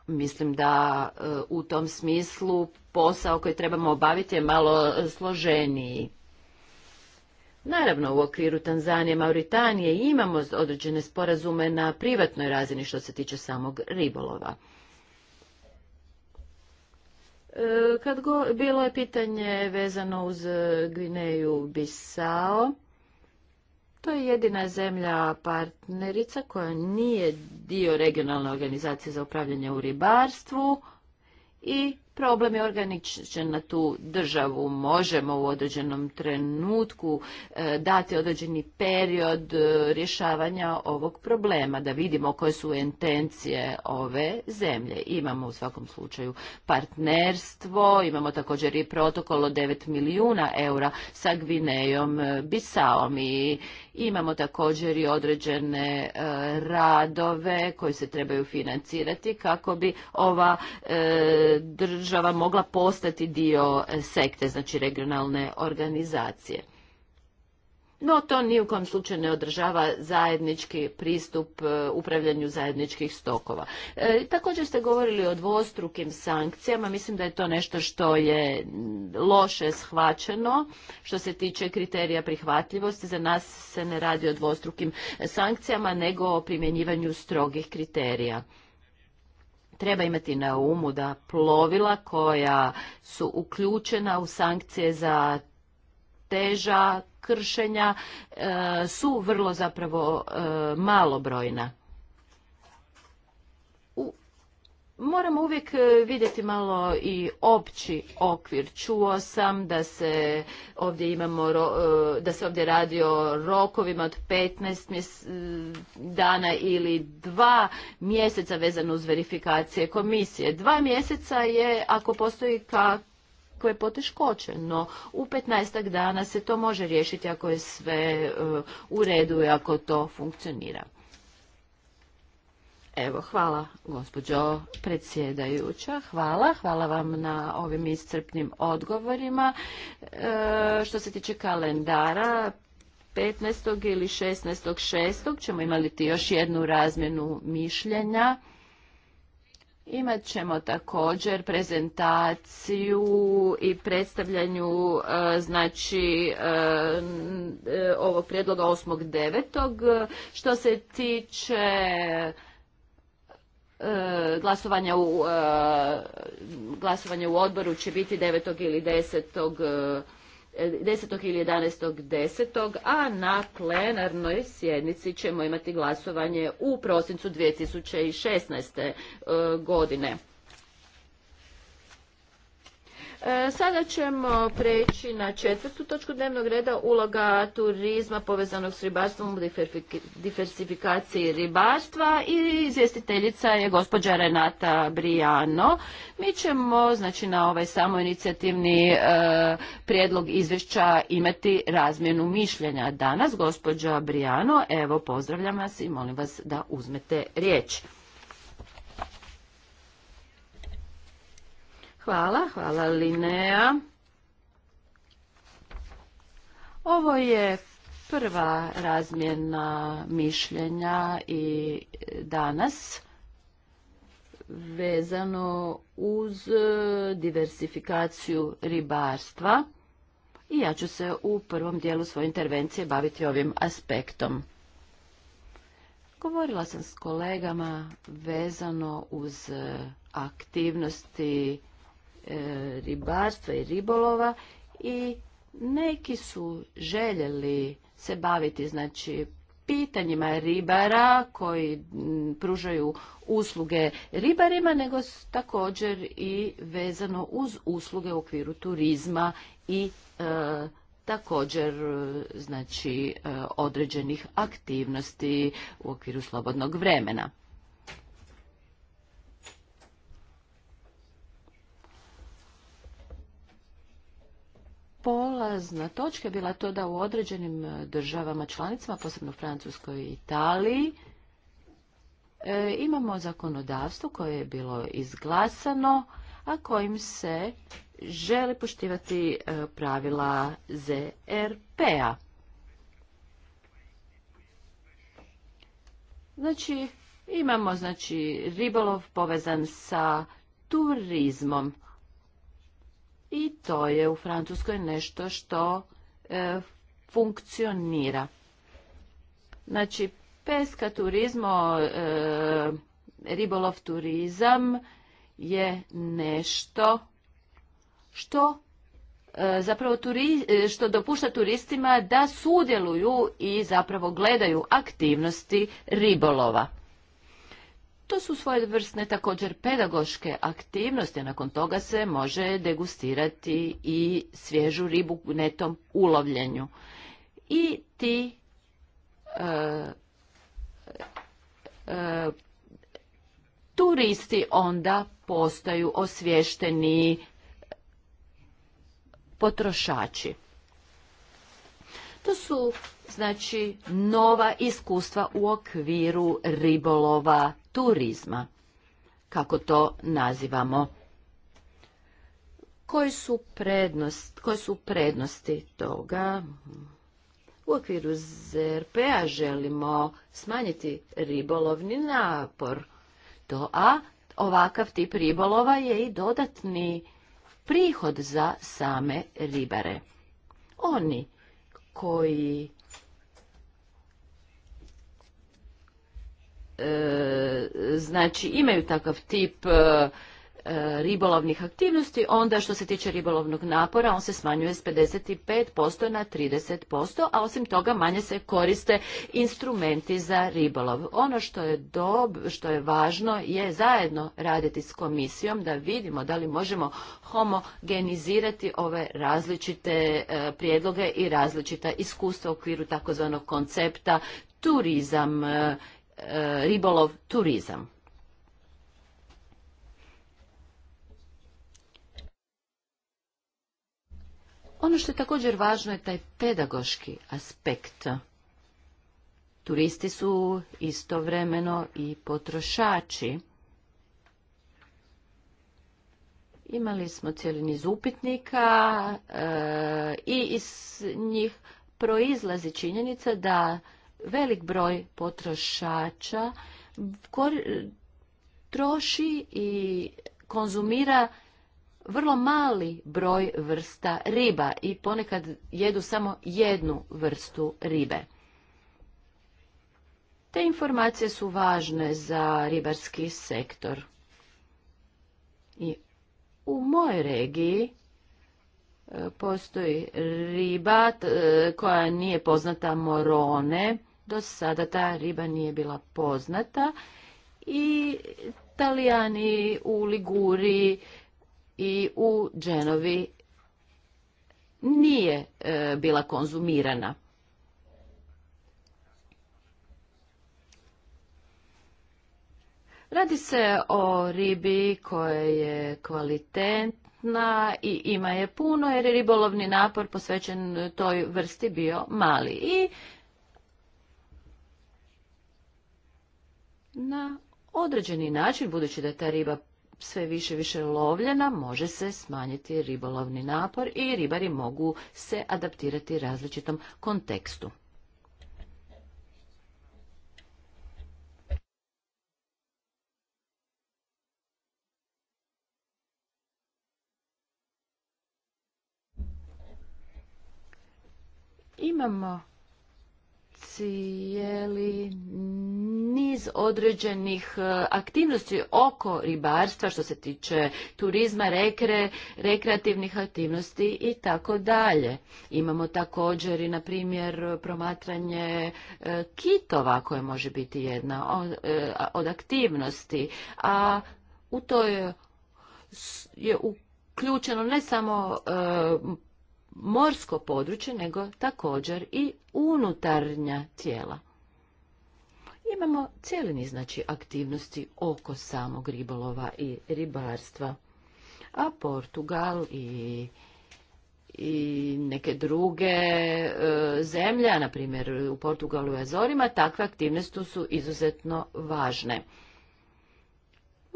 Speaker 1: Mislim da e, u tom smislu posao koji trebamo obaviti je malo složeniji. Naravno, u okviru Tanzanije, Mauritanije imamo određene sporazume na privatnoj razini što se tiče samog ribolova. E, kad go, bilo je pitanje vezano uz Gvineju Bisao, to je jedina zemlja partnerica koja nije dio regionalne organizacije za upravljanje u ribarstvu i problem je organičen na tu državu. Možemo u određenom trenutku e, dati određeni period e, rješavanja ovog problema, da vidimo koje su intencije ove zemlje. Imamo u svakom slučaju partnerstvo, imamo također i protokol od 9 milijuna eura sa Gvinejom e, Bisaom i imamo također i određene radove koji se trebaju financirati kako bi ova država država mogla postati dio e, sekte, znači regionalne organizacije. No, to ni u kom slučaju ne održava zajednički pristup e, upravljanju zajedničkih stokova. E, također ste govorili o dvostrukim sankcijama. Mislim da je to nešto što je loše shvaćeno što se tiče kriterija prihvatljivosti. Za nas se ne radi o dvostrukim sankcijama, nego o primjenjivanju strogih kriterija. Treba imati na umu da plovila koja su uključena u sankcije za teža kršenja e, su vrlo zapravo e, malobrojna. Moramo uvijek e, vidjeti malo i opći okvir. Čuo sam da se ovdje imamo, e, da se ovdje radi o rokovima od 15 dana ili dva mjeseca vezano uz verifikacije komisije. Dva mjeseca je ako postoji kakve poteškoće, no u 15 dana se to može riješiti ako je sve e, u redu i ako to funkcionira. Evo, hvala gospođo predsjedajuća, hvala, hvala vam na ovim iscrpnim odgovorima. E, što se tiče kalendara, 15. ili 6. ćemo imati još jednu razmjenu mišljenja. Imat ćemo također prezentaciju i predstavljanju e, znači e, ovog prijedloga 8.9. Što se tiče E, glasovanja u, e, glasovanje u odboru će biti 9. ili 10. 10. E, ili 11. 10. a na plenarnoj sjednici ćemo imati glasovanje u prosincu 2016. godine. E, sada ćemo preći na četvrtu točku dnevnog reda, uloga turizma povezanog s ribarstvom u diversifikaciji ribarstva i izvjestiteljica je gospođa Renata Brijano. Mi ćemo znači, na ovaj samo inicijativni e, prijedlog izvješća imati razmjenu mišljenja danas. Gospođa Brijano, evo pozdravljam vas i molim vas da uzmete riječ. Hvala, hvala Linea. Ovo je prva razmjena mišljenja i danas vezano uz diversifikaciju ribarstva i ja ću se u prvom dijelu svoje intervencije baviti ovim aspektom. Govorila sam s kolegama vezano uz aktivnosti E, ribarstva i ribolova i neki su željeli se baviti znači pitanjima ribara koji pružaju usluge ribarima, nego također i vezano uz usluge u okviru turizma i e, također znači e, određenih aktivnosti u okviru slobodnog vremena. polazna točka je bila to da u određenim e, državama članicama, posebno Francuskoj i Italiji, e, imamo zakonodavstvo koje je bilo izglasano, a kojim se želi poštivati e, pravila ZRP-a. Znači, imamo znači, ribolov povezan sa turizmom i to je u Francuskoj nešto što e, funkcionira. Znači, peska turizmo, e, ribolov turizam je nešto što e, zapravo turi, što dopušta turistima da sudjeluju i zapravo gledaju aktivnosti ribolova. To su svoje vrstne također pedagoške aktivnosti, nakon toga se može degustirati i svježu ribu u netom ulovljenju. I ti e, e, turisti onda postaju osvješteni potrošači. To su znači nova iskustva u okviru ribolova turizma, kako to nazivamo. Koji su, prednost, koje su prednosti toga? U okviru ZRP-a želimo smanjiti ribolovni napor. To, a ovakav tip ribolova je i dodatni prihod za same ribare. Oni koji E, znači imaju takav tip e, e, ribolovnih aktivnosti, onda što se tiče ribolovnog napora, on se smanjuje s 55% na 30%, a osim toga manje se koriste instrumenti za ribolov. Ono što je, dob, što je važno je zajedno raditi s komisijom da vidimo da li možemo homogenizirati ove različite prijedloge i različita iskustva u okviru takozvanog koncepta turizam E, ribolov turizam. Ono što je također važno je taj pedagoški aspekt. Turisti su istovremeno i potrošači. Imali smo cijeli niz upitnika e, i iz njih proizlazi činjenica da velik broj potrošača troši i konzumira vrlo mali broj vrsta riba i ponekad jedu samo jednu vrstu ribe. Te informacije su važne za ribarski sektor. I u mojoj regiji postoji riba e, koja nije poznata morone. Do sada ta riba nije bila poznata i Italijani u Liguri i u Dženovi nije e, bila konzumirana. Radi se o ribi koja je kvalitet, na i ima je puno jer je ribolovni napor posvećen toj vrsti bio mali. I na određeni način, budući da je ta riba sve više više lovljena, može se smanjiti ribolovni napor i ribari mogu se adaptirati različitom kontekstu. imamo cijeli niz određenih e, aktivnosti oko ribarstva što se tiče turizma, rekre, rekreativnih aktivnosti i tako dalje. Imamo također i na primjer promatranje e, kitova koje može biti jedna od e, aktivnosti, a u to je uključeno ne samo morsko područje, nego također i unutarnja tijela. Imamo cijeli niz znači, aktivnosti oko samog ribolova i ribarstva. A Portugal i i neke druge e, zemlje, na primjer u Portugalu i Azorima, takve aktivnosti su izuzetno važne.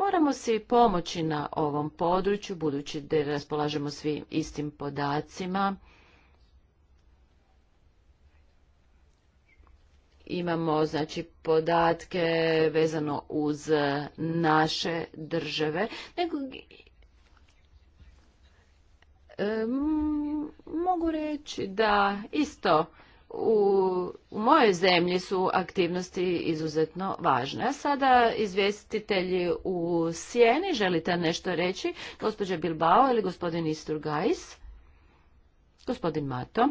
Speaker 1: Moramo si pomoći na ovom području, budući da raspolažemo svim istim podacima. Imamo znači podatke vezano uz naše države. Nego, e, mogu reći da isto u, u mojoj zemlji su aktivnosti izuzetno važne. A sada izvjestitelji u sjeni, želite nešto reći? Gospođa Bilbao ili gospodin Gajs? Gospodin Mato.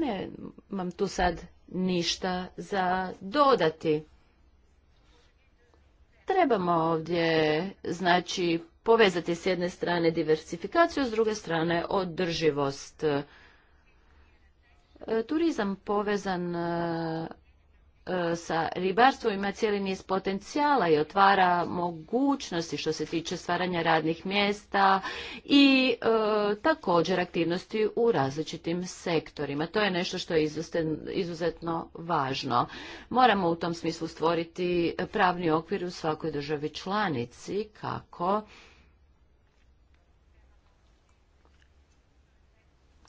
Speaker 1: Ne, mam tu sad ništa za dodati trebamo ovdje znači povezati s jedne strane diversifikaciju, s druge strane održivost. E, turizam povezan e, e, sa ribarstvom ima cijeli niz potencijala i otvara mogućnosti što se tiče stvaranja radnih mjesta i također aktivnosti u različitim sektorima. To je nešto što je izuzetno važno. Moramo u tom smislu stvoriti pravni okvir u svakoj državi članici kako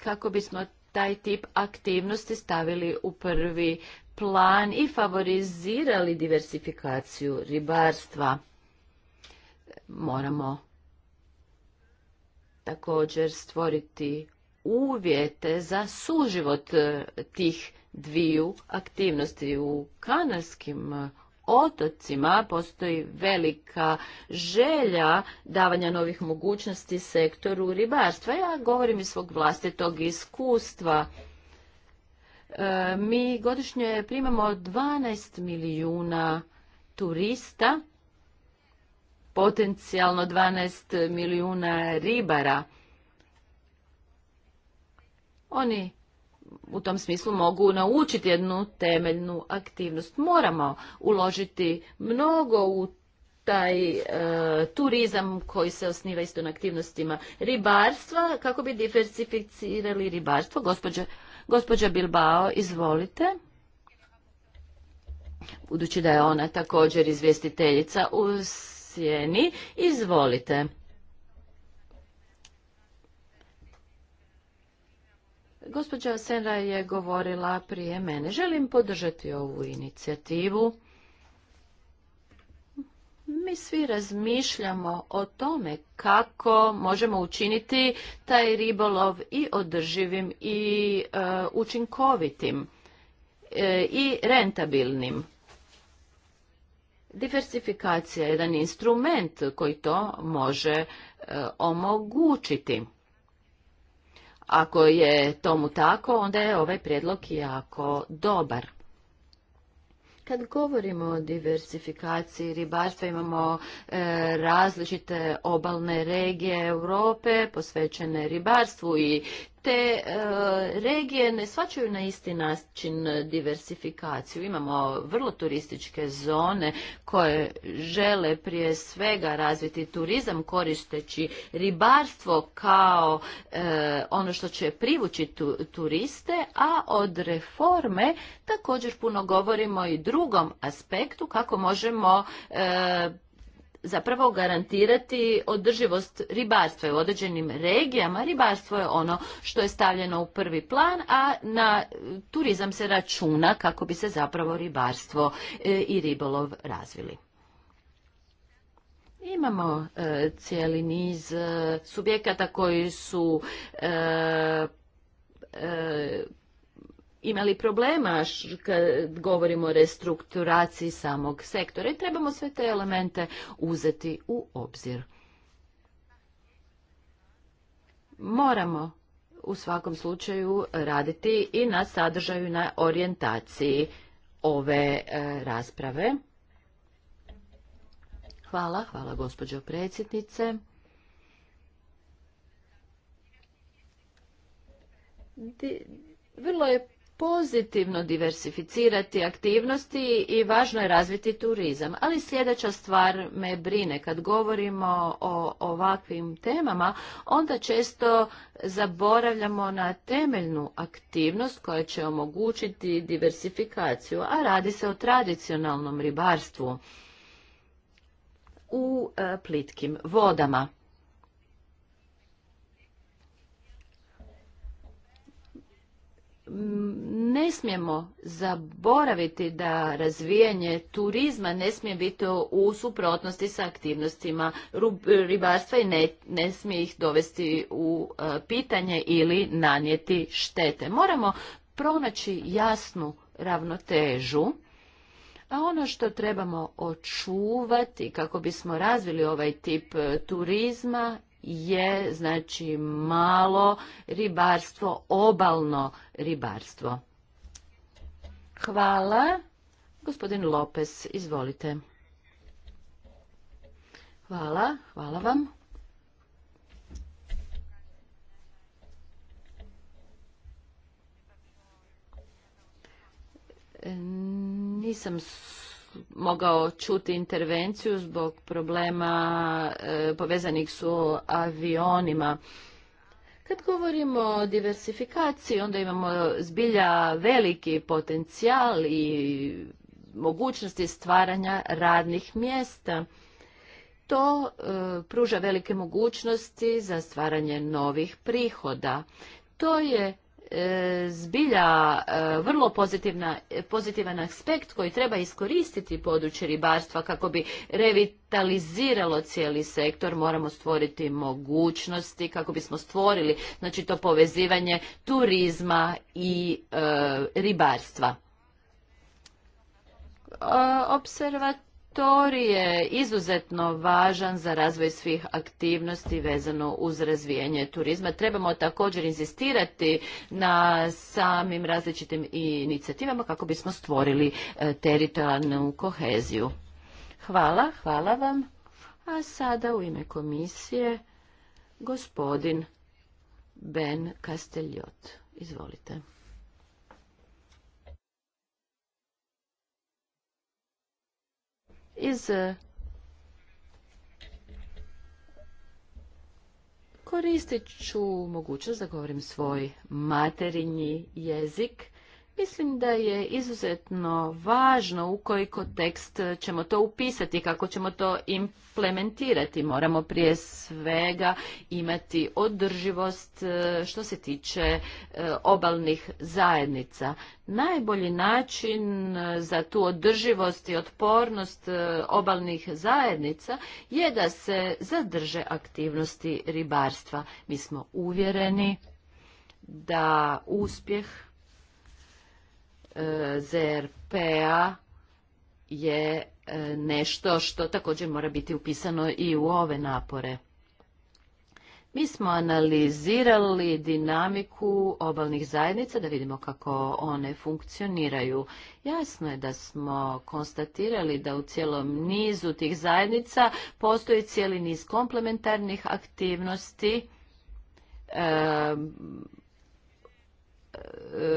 Speaker 1: kako bismo taj tip aktivnosti stavili u prvi plan i favorizirali diversifikaciju ribarstva. Moramo također stvoriti uvjete za suživot tih dviju aktivnosti u kanarskim otocima postoji velika želja davanja novih mogućnosti sektoru ribarstva. Ja govorim iz svog vlastitog iskustva. E, mi godišnje primamo 12 milijuna turista, potencijalno 12 milijuna ribara. Oni u tom smislu mogu naučiti jednu temeljnu aktivnost. Moramo uložiti mnogo u taj e, turizam koji se osniva isto na aktivnostima ribarstva kako bi diversificirali ribarstvo. Gospođa, gospođa Bilbao, izvolite. Budući da je ona također izvjestiteljica u sjeni, izvolite. Gospođa Senra je govorila prije mene. Želim podržati ovu inicijativu. Mi svi razmišljamo o tome kako možemo učiniti taj ribolov i održivim i e, učinkovitim e, i rentabilnim. Diversifikacija je jedan instrument koji to može e, omogućiti. Ako je tomu tako, onda je ovaj prijedlog jako dobar. Kad govorimo o diversifikaciji ribarstva, imamo e, različite obalne regije Europe posvećene ribarstvu i te e, regije ne svačaju na isti način diversifikaciju. Imamo vrlo turističke zone koje žele prije svega razviti turizam koristeći ribarstvo kao e, ono što će privući turiste, a od reforme također puno govorimo i drugom aspektu kako možemo e, zapravo garantirati održivost ribarstva. U određenim regijama ribarstvo je ono što je stavljeno u prvi plan, a na turizam se računa kako bi se zapravo ribarstvo e, i ribolov razvili. Imamo e, cijeli niz e, subjekata koji su imali problema kad govorimo o restrukturaciji samog sektora i trebamo sve te elemente uzeti u obzir. Moramo u svakom slučaju raditi i na sadržaju na orijentaciji ove e, rasprave. Hvala, hvala gospođo predsjednice. vrlo je pozitivno diversificirati aktivnosti i važno je razviti turizam. Ali sljedeća stvar me brine. Kad govorimo o ovakvim temama, onda često zaboravljamo na temeljnu aktivnost koja će omogućiti diversifikaciju, a radi se o tradicionalnom ribarstvu u e, plitkim vodama. ne smijemo zaboraviti da razvijanje turizma ne smije biti u suprotnosti sa aktivnostima ribarstva i ne, smije ih dovesti u e, pitanje ili nanijeti štete. Moramo pronaći jasnu ravnotežu a ono što trebamo očuvati kako bismo razvili ovaj tip e, turizma je znači malo ribarstvo, obalno ribarstvo. Hvala. Gospodin Lopez, izvolite. Hvala, hvala vam. Nisam mogao čuti intervenciju zbog problema e, povezanih su avionima. Kad govorimo o diversifikaciji, onda imamo zbilja veliki potencijal i mogućnosti stvaranja radnih mjesta. To e, pruža velike mogućnosti za stvaranje novih prihoda. To je E, zbilja e, vrlo pozitivan aspekt koji treba iskoristiti područje ribarstva kako bi revitaliziralo cijeli sektor. Moramo stvoriti mogućnosti kako bismo stvorili znači, to povezivanje turizma i e, ribarstva. Observat Tori je izuzetno važan za razvoj svih aktivnosti vezano uz razvijanje turizma. Trebamo također inzistirati na samim različitim inicijativama kako bismo stvorili e, teritorijalnu koheziju. Hvala, hvala vam. A sada u ime komisije gospodin Ben kasteljot Izvolite. iz eh, koristit ću mogućnost da govorim svoj materinji jezik Mislim da je izuzetno važno u koji kontekst ćemo to upisati, kako ćemo to implementirati. Moramo prije svega imati održivost e, što se tiče e, obalnih zajednica. Najbolji način e, za tu održivost i otpornost obalnih zajednica je da se zadrže aktivnosti ribarstva. Mi smo uvjereni da uspjeh ZRP-a je e, nešto što također mora biti upisano i u ove napore. Mi smo analizirali dinamiku obalnih zajednica da vidimo kako one funkcioniraju. Jasno je da smo konstatirali da u cijelom nizu tih zajednica postoji cijeli niz komplementarnih aktivnosti, e, E,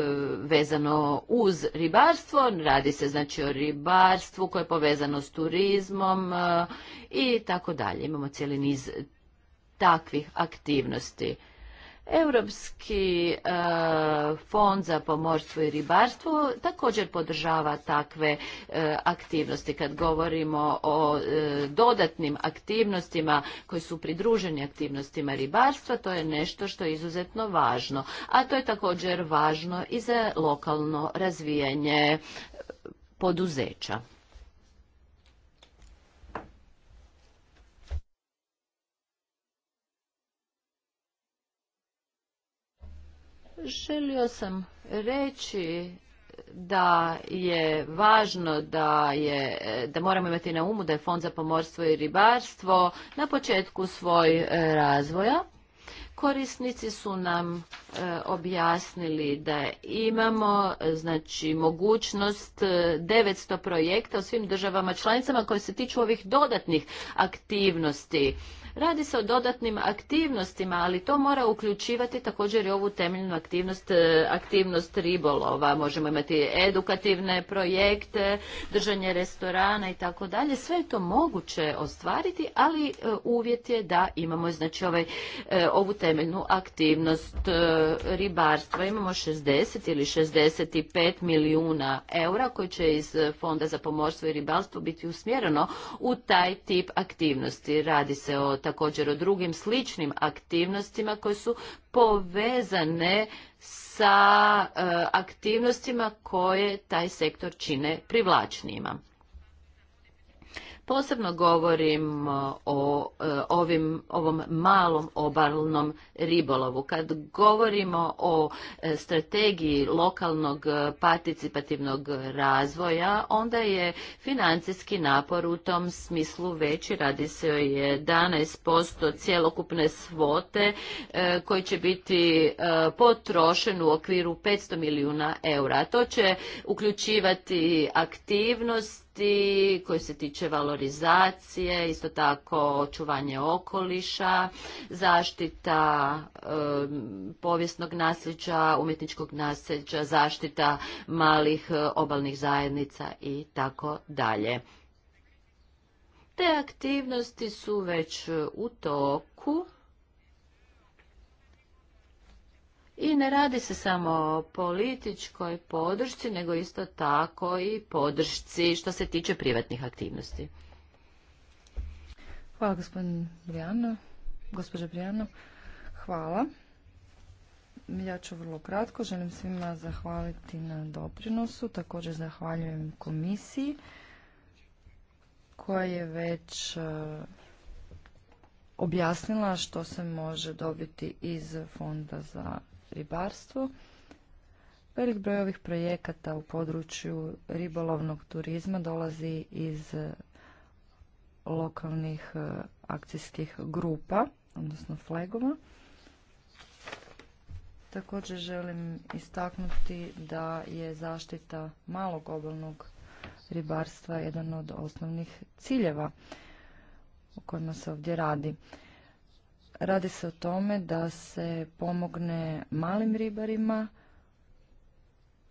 Speaker 1: vezano uz ribarstvo, radi se znači o ribarstvu koje je povezano s turizmom e, i tako dalje. Imamo cijeli niz takvih aktivnosti. Europski e, fond za pomorstvo i ribarstvo također podržava takve e, aktivnosti. Kad govorimo o e, dodatnim aktivnostima koji su pridruženi aktivnostima ribarstva, to je nešto što je izuzetno važno. A to je također važno i za lokalno razvijanje poduzeća.
Speaker 2: Želio
Speaker 1: sam reći da je važno da je da moramo imati na umu da je Fond za pomorstvo i ribarstvo na početku svoj e, razvoja korisnici su nam e, objasnili da imamo znači mogućnost 900 e, projekta u svim državama članicama koje se tiču ovih dodatnih aktivnosti Radi se o dodatnim aktivnostima, ali to mora uključivati također i ovu temeljnu aktivnost, e, aktivnost ribolova. Možemo imati edukativne projekte, držanje restorana i tako dalje. Sve je to moguće ostvariti, ali e, uvjet je da imamo znači ovaj, e, ovu temeljnu aktivnost ribarstva. Imamo 60 ili 65 milijuna eura koji će iz Fonda za pomorstvo i ribarstvo biti usmjereno u taj tip aktivnosti. Radi se o također o drugim sličnim aktivnostima koje su povezane sa e, aktivnostima koje taj sektor čine privlačnijima. Posebno govorim o e, ovim, ovom malom obalnom ribolovu. Kad govorimo o e, strategiji lokalnog e, participativnog razvoja, onda je financijski napor u tom smislu veći. Radi se o 11% cjelokupne svote koji će biti potrošen u okviru 500 milijuna eura. To će uključivati aktivnost aktivnosti koji se tiče valorizacije, isto tako očuvanje okoliša, zaštita povijesnog nasljeđa, umjetničkog nasljeđa, zaštita malih e, obalnih zajednica i tako dalje. Te aktivnosti su već u toku I ne radi se samo o političkoj podršci, nego isto tako i podršci što se tiče privatnih aktivnosti.
Speaker 2: Hvala gospodin Brijano. Gospođa Brijano, hvala. Ja ću vrlo kratko. Želim svima zahvaliti na doprinosu. Također zahvaljujem komisiji koja je već e, objasnila što se može dobiti iz fonda za ribarstvu. Velik broj ovih projekata u području ribolovnog turizma dolazi iz e, lokalnih e, akcijskih grupa, odnosno flegova. Također želim istaknuti da je zaštita malog obalnog ribarstva jedan od osnovnih ciljeva o kojima se ovdje radi. Radi se o tome da se pomogne malim ribarima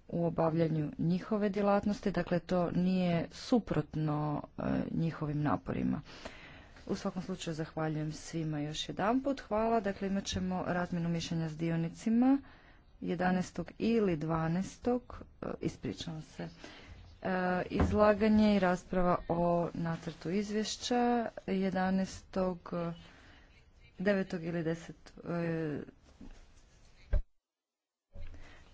Speaker 2: u obavljanju njihove djelatnosti, dakle to nije suprotno e, njihovim naporima. U svakom slučaju zahvaljujem svima još jedanput. Hvala. Dakle, imat ćemo razmjenu mišljenja s dionicima 11. ili 12. E, ispričavam se. E, izlaganje i rasprava o nacrtu izvješća 11. 9. ili 10.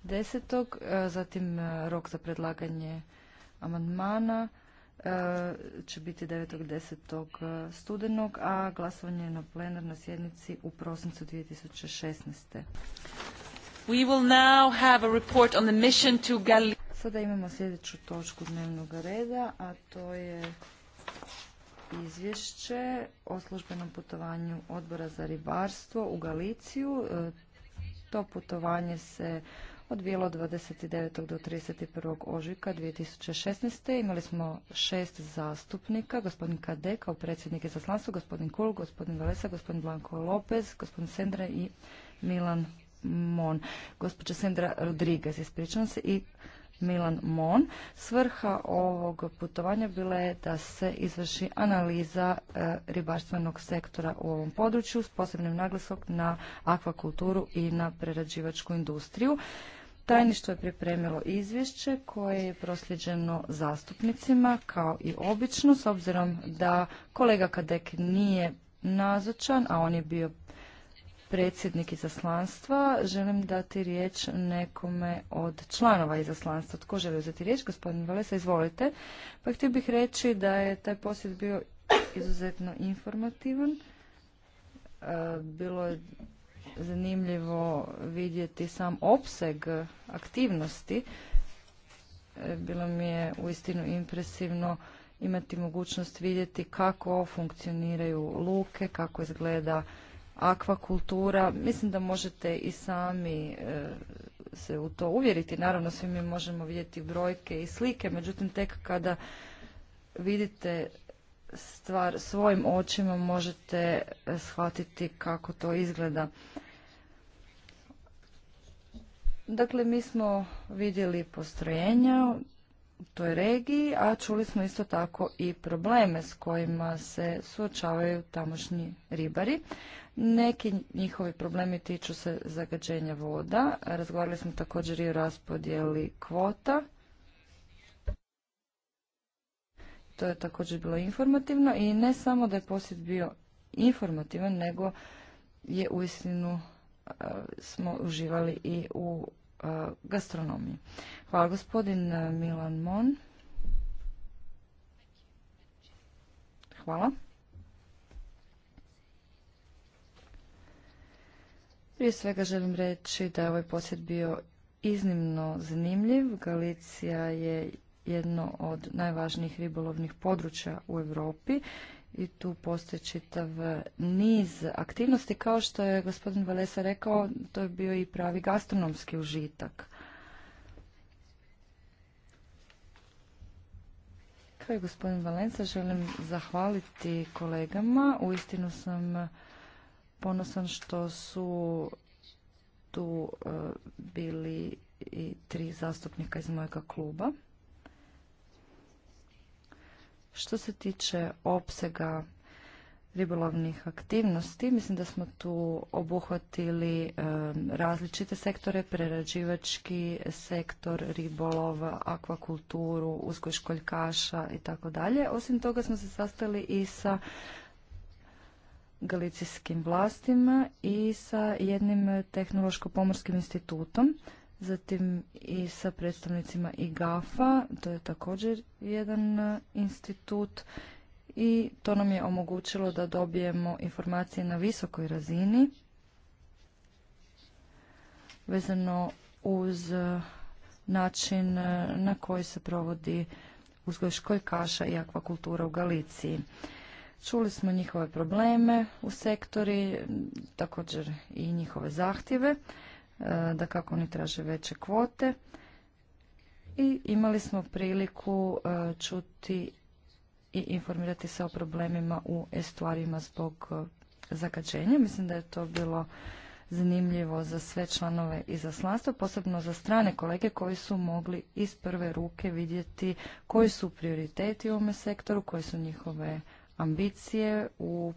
Speaker 2: 10. E, e, zatim e, rok za predlaganje amandmana će biti 9.10. studenog, a glasovanje na plenarnoj sjednici u prosincu 2016. We will now have a report on the mission to Gal Sada imamo sljedeću točku dnevnog reda, a to je izvješće o službenom putovanju odbora za ribarstvo u Galiciju. E, to putovanje se odvijelo od 29. do 31. ožujka 2016. Imali smo šest zastupnika, gospodin Kade kao predsjednik izaslanstva, gospodin Kul, gospodin Valesa, gospodin Blanko Lopez, gospodin Sendra i Milan Mon. Gospođa Sendra Rodriguez, ispričavam se, i Milan Mon. Svrha ovog putovanja bila je da se izvrši analiza e, ribarstvenog sektora u ovom području s posebnim naglasom na akvakulturu i na prerađivačku industriju. Tajništvo je pripremilo izvješće koje je prosljeđeno zastupnicima kao i obično s obzirom da kolega Kadek nije nazočan, a on je bio predsjednik izaslanstva. Želim dati riječ nekome od članova izaslanstva. Tko želi uzeti riječ? Gospodin Valesa, izvolite. Pa htio bih reći da je taj posjet bio izuzetno informativan. E, bilo je zanimljivo vidjeti sam opseg aktivnosti. E, bilo mi je uistinu impresivno imati mogućnost vidjeti kako funkcioniraju luke, kako izgleda akvakultura. Mislim da možete i sami e, se u to uvjeriti. Naravno, svi mi možemo vidjeti brojke i slike, međutim, tek kada vidite stvar svojim očima možete shvatiti kako to izgleda. Dakle, mi smo vidjeli postrojenja, u toj regiji, a čuli smo isto tako i probleme s kojima se suočavaju tamošnji ribari. Neki njihovi problemi tiču se zagađenja voda. Razgovarali smo također i o raspodjeli kvota. To je također bilo informativno i ne samo da je posjet bio informativan, nego je uistinu smo uživali i u E, gastronomiji. Hvala gospodin e, Milan Mon. Hvala. Prije svega želim reći da je ovaj posjet bio iznimno zanimljiv. Galicija je jedno od najvažnijih ribolovnih područja u Europi i tu postoji čitav niz aktivnosti. Kao što je gospodin Valesa rekao, to je bio i pravi gastronomski užitak. Kao je gospodin Valensa, želim zahvaliti kolegama. Uistinu sam ponosan što su tu e, bili i tri zastupnika iz mojega kluba. Što se tiče opsega ribolovnih aktivnosti, mislim da smo tu obuhvatili različite sektore, prerađivački sektor, ribolov, akvakulturu, uzgoj školjkaša i tako dalje. Osim toga smo se sastali i sa galicijskim vlastima i sa jednim tehnološko-pomorskim institutom zatim i sa predstavnicima i a to je također jedan e, institut i to nam je omogućilo da dobijemo informacije na visokoj razini vezano uz e, način e, na koji se provodi uzgoj kaša i akvakultura u Galiciji. Čuli smo njihove probleme u sektori, također i njihove zahtjeve. E, da kako oni traže veće kvote. I imali smo priliku e, čuti i informirati se o problemima u estuarima zbog e, zakađenja. Mislim da je to bilo zanimljivo za sve članove izaslanstva, posebno za strane kolege koji su mogli iz prve ruke vidjeti koji su prioriteti u ovome sektoru, koje su njihove ambicije u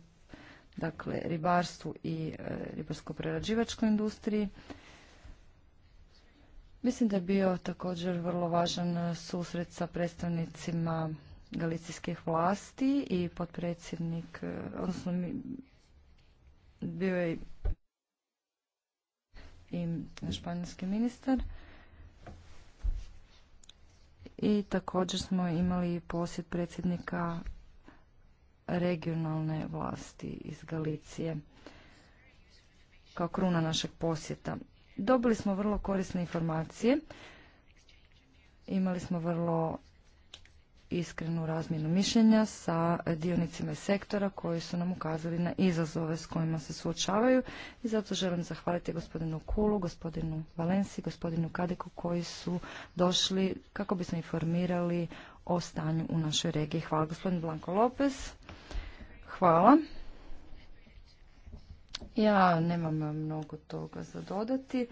Speaker 2: dakle, ribarstvu i ribarsko-prerađivačkoj industriji. Mislim da je bio također vrlo važan e, susret sa predstavnicima galicijskih vlasti i potpredsjednik, e, odnosno bio je i španjolski ministar. I također smo imali posjet predsjednika regionalne vlasti iz Galicije kao kruna našeg posjeta. Dobili smo vrlo korisne informacije. Imali smo vrlo iskrenu razmjenu mišljenja sa dionicima sektora koji su nam ukazali na izazove s kojima se suočavaju i zato želim zahvaliti gospodinu Kulu, gospodinu Valensi, gospodinu Kadiku koji su došli kako bismo informirali o stanju u našoj regiji. Hvala gospodin Blanko Lopez. Hvala. Ja nemam mnogo toga za dodati.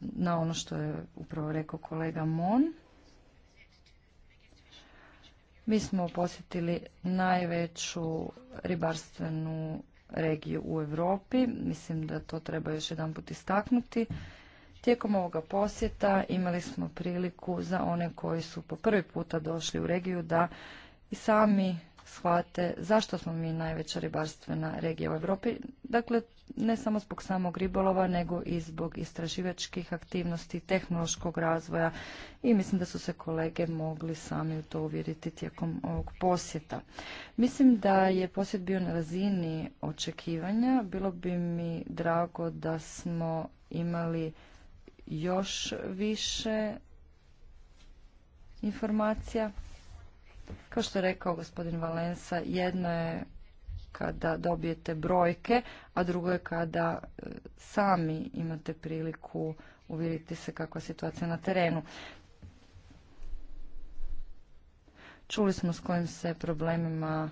Speaker 2: Na ono što je upravo rekao kolega Mon. Mi smo posjetili najveću ribarstvenu regiju u Europi. Mislim da to treba još jedan put istaknuti. Tijekom ovoga posjeta imali smo priliku za one koji su po prvi puta došli u regiju da i sami shvate zašto smo mi najveća ribarstvena regija u Europi. Dakle, ne samo zbog samog ribolova, nego i zbog istraživačkih aktivnosti, tehnološkog razvoja i mislim da su se kolege mogli sami u to uvjeriti tijekom ovog posjeta. Mislim da je posjet bio na razini očekivanja. Bilo bi mi drago da smo imali još više informacija kao što je rekao gospodin Valensa, jedno je kada dobijete brojke, a drugo je kada e, sami imate priliku uvjeriti se kakva je situacija na terenu. Čuli smo s kojim se problemima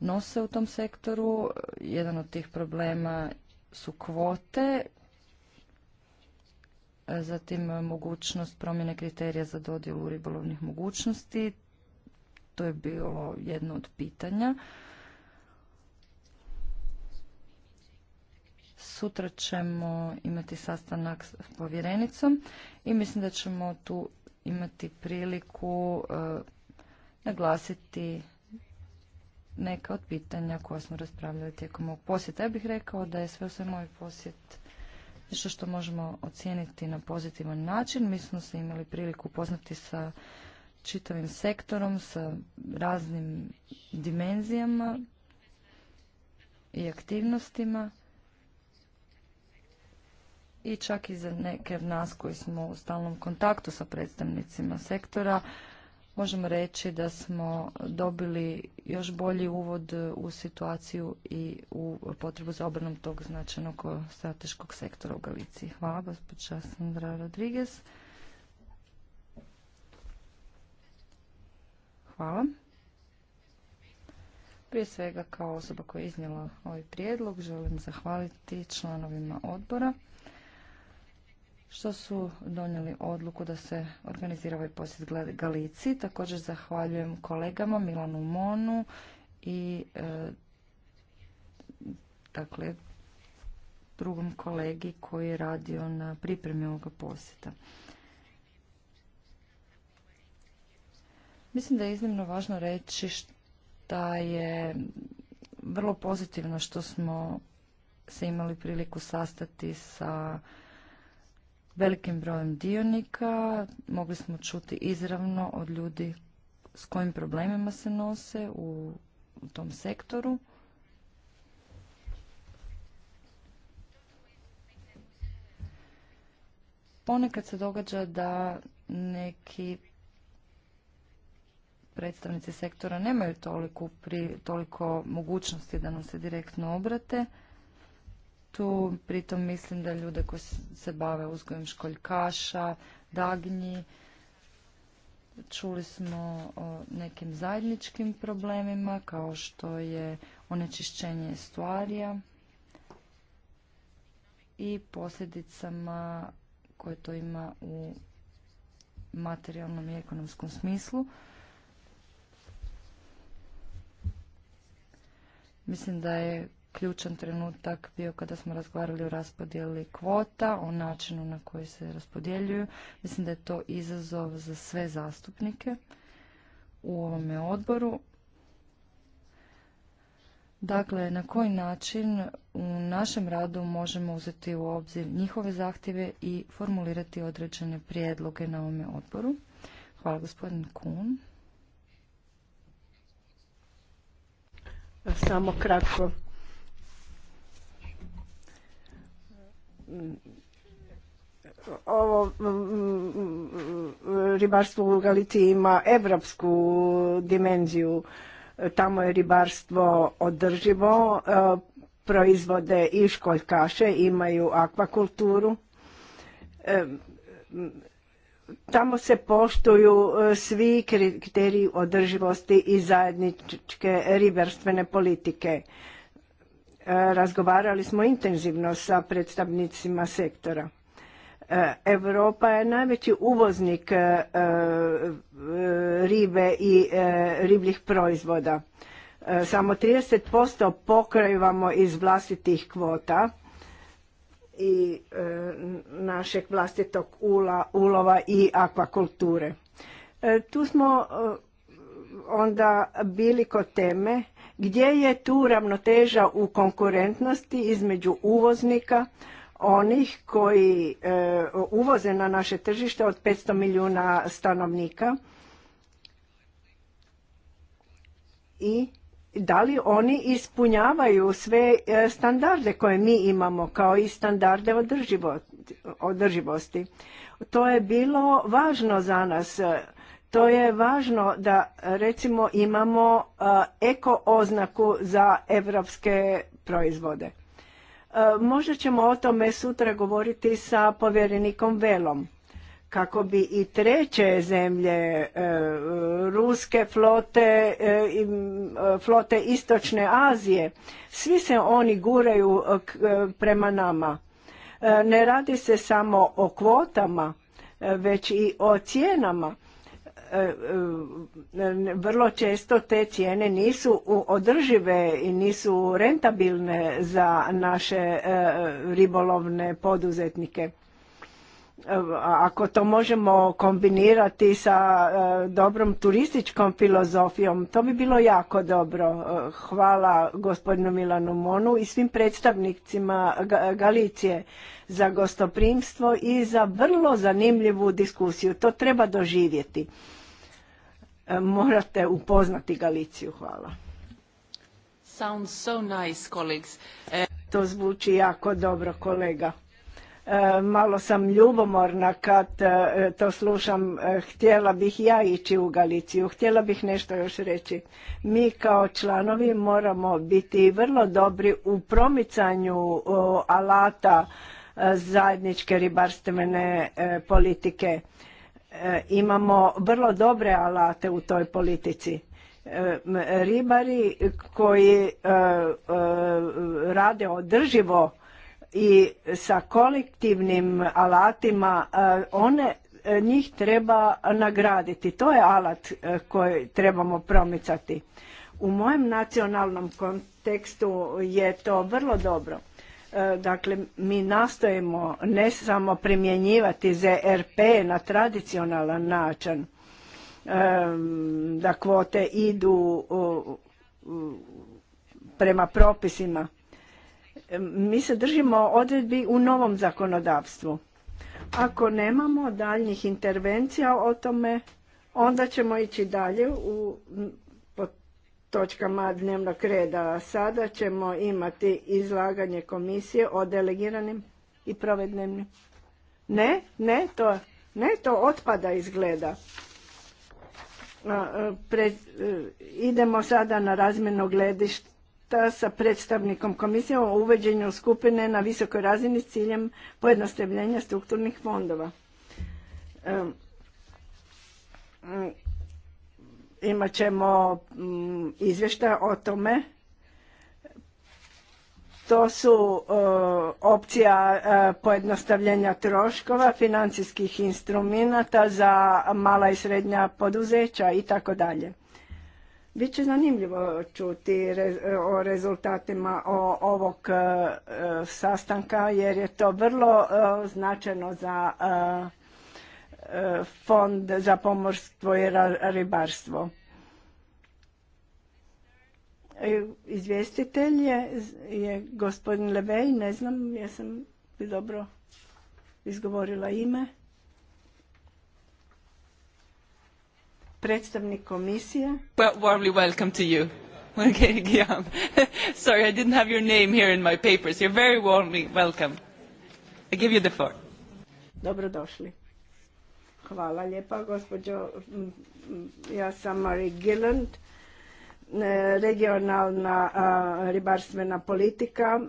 Speaker 2: nose u tom sektoru. Jedan od tih problema su kvote, e, zatim mogućnost promjene kriterija za dodjelu ribolovnih mogućnosti, to je bilo jedno od pitanja. Sutra ćemo imati sastanak s povjerenicom i mislim da ćemo tu imati priliku e, naglasiti neka od pitanja koja smo raspravljali tijekom ovog posjeta. Ja bih rekao da je sve sve moj ovaj posjet nešto što možemo ocijeniti na pozitivan način. Mi smo se imali priliku upoznati sa čitavim sektorom sa raznim dimenzijama i aktivnostima i čak i za neke od nas koji smo u stalnom kontaktu sa predstavnicima sektora možemo reći da smo dobili još bolji uvod u situaciju i u potrebu za obranom tog značajnog strateškog sektora u Galiciji. Hvala, gospođa Sandra Rodriguez. Hvala. Prije svega kao osoba koja je iznijela ovaj prijedlog želim zahvaliti članovima odbora što su donijeli odluku da se organizira ovaj posjet Galici. Također zahvaljujem kolegama Milanu Monu i e, dakle drugom kolegi koji je radio na pripremi ovoga posjeta. Mislim da je iznimno važno reći da je vrlo pozitivno što smo se imali priliku sastati sa velikim brojem dionika. Mogli smo čuti izravno od ljudi s kojim problemima se nose u, u tom sektoru. Ponekad se događa da neki predstavnici sektora nemaju toliko, pri, toliko mogućnosti da nam se direktno obrate. Tu pritom mislim da ljude koji se bave uzgojem školjkaša, dagnji, čuli smo o nekim zajedničkim problemima kao što je onečišćenje stvarija i posljedicama koje to ima u materijalnom i ekonomskom smislu. Mislim da je ključan trenutak bio kada smo razgovarali o raspodjeli kvota, o načinu na koji se raspodjeljuju. Mislim da je to izazov za sve zastupnike u ovome odboru. Dakle, na koji način u našem radu možemo uzeti u obzir njihove zahtjeve i formulirati određene prijedloge na ovome odboru. Hvala gospodin Kun.
Speaker 3: Samo kratko. Ovo mm, mm, ribarstvo u Galiti ima evropsku dimenziju. Tamo je ribarstvo održivo, e, proizvode i školjkaše, imaju akvakulturu. E, tamo se poštuju e, svi kriteriji održivosti i zajedničke ribarstvene politike. E, razgovarali smo intenzivno sa predstavnicima sektora. E, Europa je najveći uvoznik ribe i ribljih proizvoda. Samo 30% pokrivamo iz vlastitih kvota i e, našeg vlastitog ula, ulova i akvakulture. E, tu smo e, onda bili kod teme gdje je tu ravnoteža u konkurentnosti između uvoznika, onih koji uvoze na naše tržište od 500 milijuna stanovnika i da li oni ispunjavaju sve e, standarde koje mi imamo kao i standarde održivosti. To je bilo važno za nas. To je važno da recimo imamo e, eko oznaku za evropske proizvode. E, možda ćemo o tome sutra govoriti sa povjerenikom Velom kako bi i treće zemlje e, ruske flote e, i e, flote istočne Azije svi se oni guraju prema nama ne radi se samo o kvotama već i o cijenama vrlo često te cijene nisu održive i nisu rentabilne za naše ribolovne poduzetnike ako to možemo kombinirati sa e, dobrom turističkom filozofijom, to bi bilo jako dobro. E, hvala gospodinu Milanu Monu i svim predstavnicima Galicije za gostoprimstvo i za vrlo zanimljivu diskusiju. To treba doživjeti. E, morate upoznati Galiciju. Hvala. so nice, colleagues. To zvuči jako dobro, kolega. E, malo sam ljubomorna kad e, to slušam. E, htjela bih ja ići u Galiciju. Htjela bih nešto još reći. Mi kao članovi moramo biti vrlo dobri u promicanju alata zajedničke ribarstvene politike. Imamo vrlo dobre alate u toj politici ribari koji rade održivo i sa kolektivnim alatima e, one e, njih treba nagraditi. To je alat e, koji trebamo promicati. U mojem nacionalnom kontekstu je to vrlo dobro. Dakle, mi nastojimo ne samo primjenjivati ZRP na tradicionalan način, da kvote idu prema propisima, mi se držimo odredbi u novom zakonodavstvu. Ako nemamo daljnjih intervencija o tome, onda ćemo ići dalje u točkama dnevnog reda. Sada ćemo imati izlaganje komisije o delegiranim i provedbenim. Ne, ne, to, ne, to otpada izgleda. E, e, idemo sada na razmjenu gledišta sa predstavnikom komisije o uveđenju skupine na visokoj razini s ciljem pojednostavljenja strukturnih fondova. Mm, imat ćemo mm, izvještaj o tome. To su e, opcija e, pojednostavljenja troškova, financijskih instrumenata za mala i srednja poduzeća i tako dalje. Biće zanimljivo čuti o rezultatima ovog e, sastanka jer je to vrlo e, značajno za e, fond za pomorstvo i ribarstvo. Izvjestitelj je, je gospodin Levej, ne znam jesam li dobro izgovorila ime. predstavnik komisije.
Speaker 1: Well, warmly welcome to you. Okay, Sorry, I didn't have your name here in my papers. You're very warmly welcome. I give
Speaker 3: you the floor. Dobrodošli. Hvala lijepa, gospođo. Ja sam Marie Gilland, e, regionalna ribarstvena politika.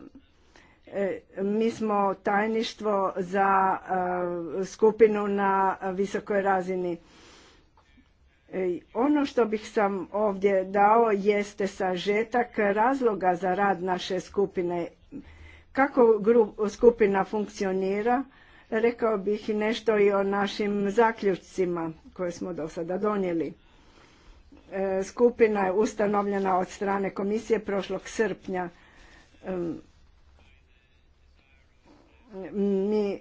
Speaker 3: E, mi smo tajništvo za skupinu na visokoj razini E, ono što bih sam ovdje dao jeste sažetak razloga za rad naše skupine. Kako skupina funkcionira, rekao bih nešto i o našim zaključcima koje smo do sada donijeli. E, skupina je ustanovljena od strane komisije prošlog srpnja. E, mi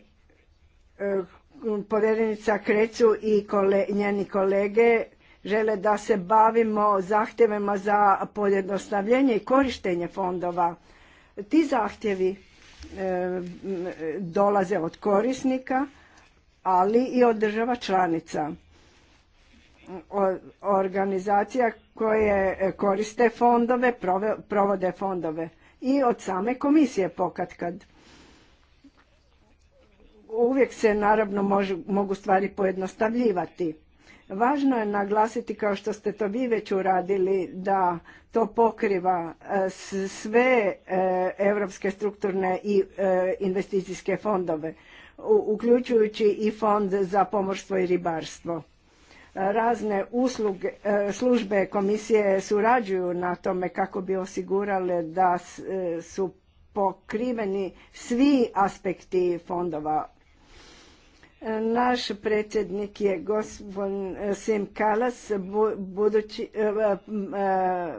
Speaker 3: povjerenica Kreću i njeni kolege žele da se bavimo zahtjevima za pojednostavljenje i korištenje fondova. Ti zahtjevi e, dolaze od korisnika, ali i od država članica. organizacija koje e, koriste fondove, provode fondove i od same komisije kad. Uvijek se naravno mogu stvari pojednostavljivati Važno je naglasiti, kao što ste to vi već uradili, da to pokriva e, sve europske strukturne i e, investicijske fondove, uključujući i fond za pomorstvo i ribarstvo. Razne usluge, e, službe komisije surađuju na tome kako bi osigurale da su pokriveni svi aspekti fondova naš predsjednik je gospodin eh, Sim Kalas, budući eh, eh,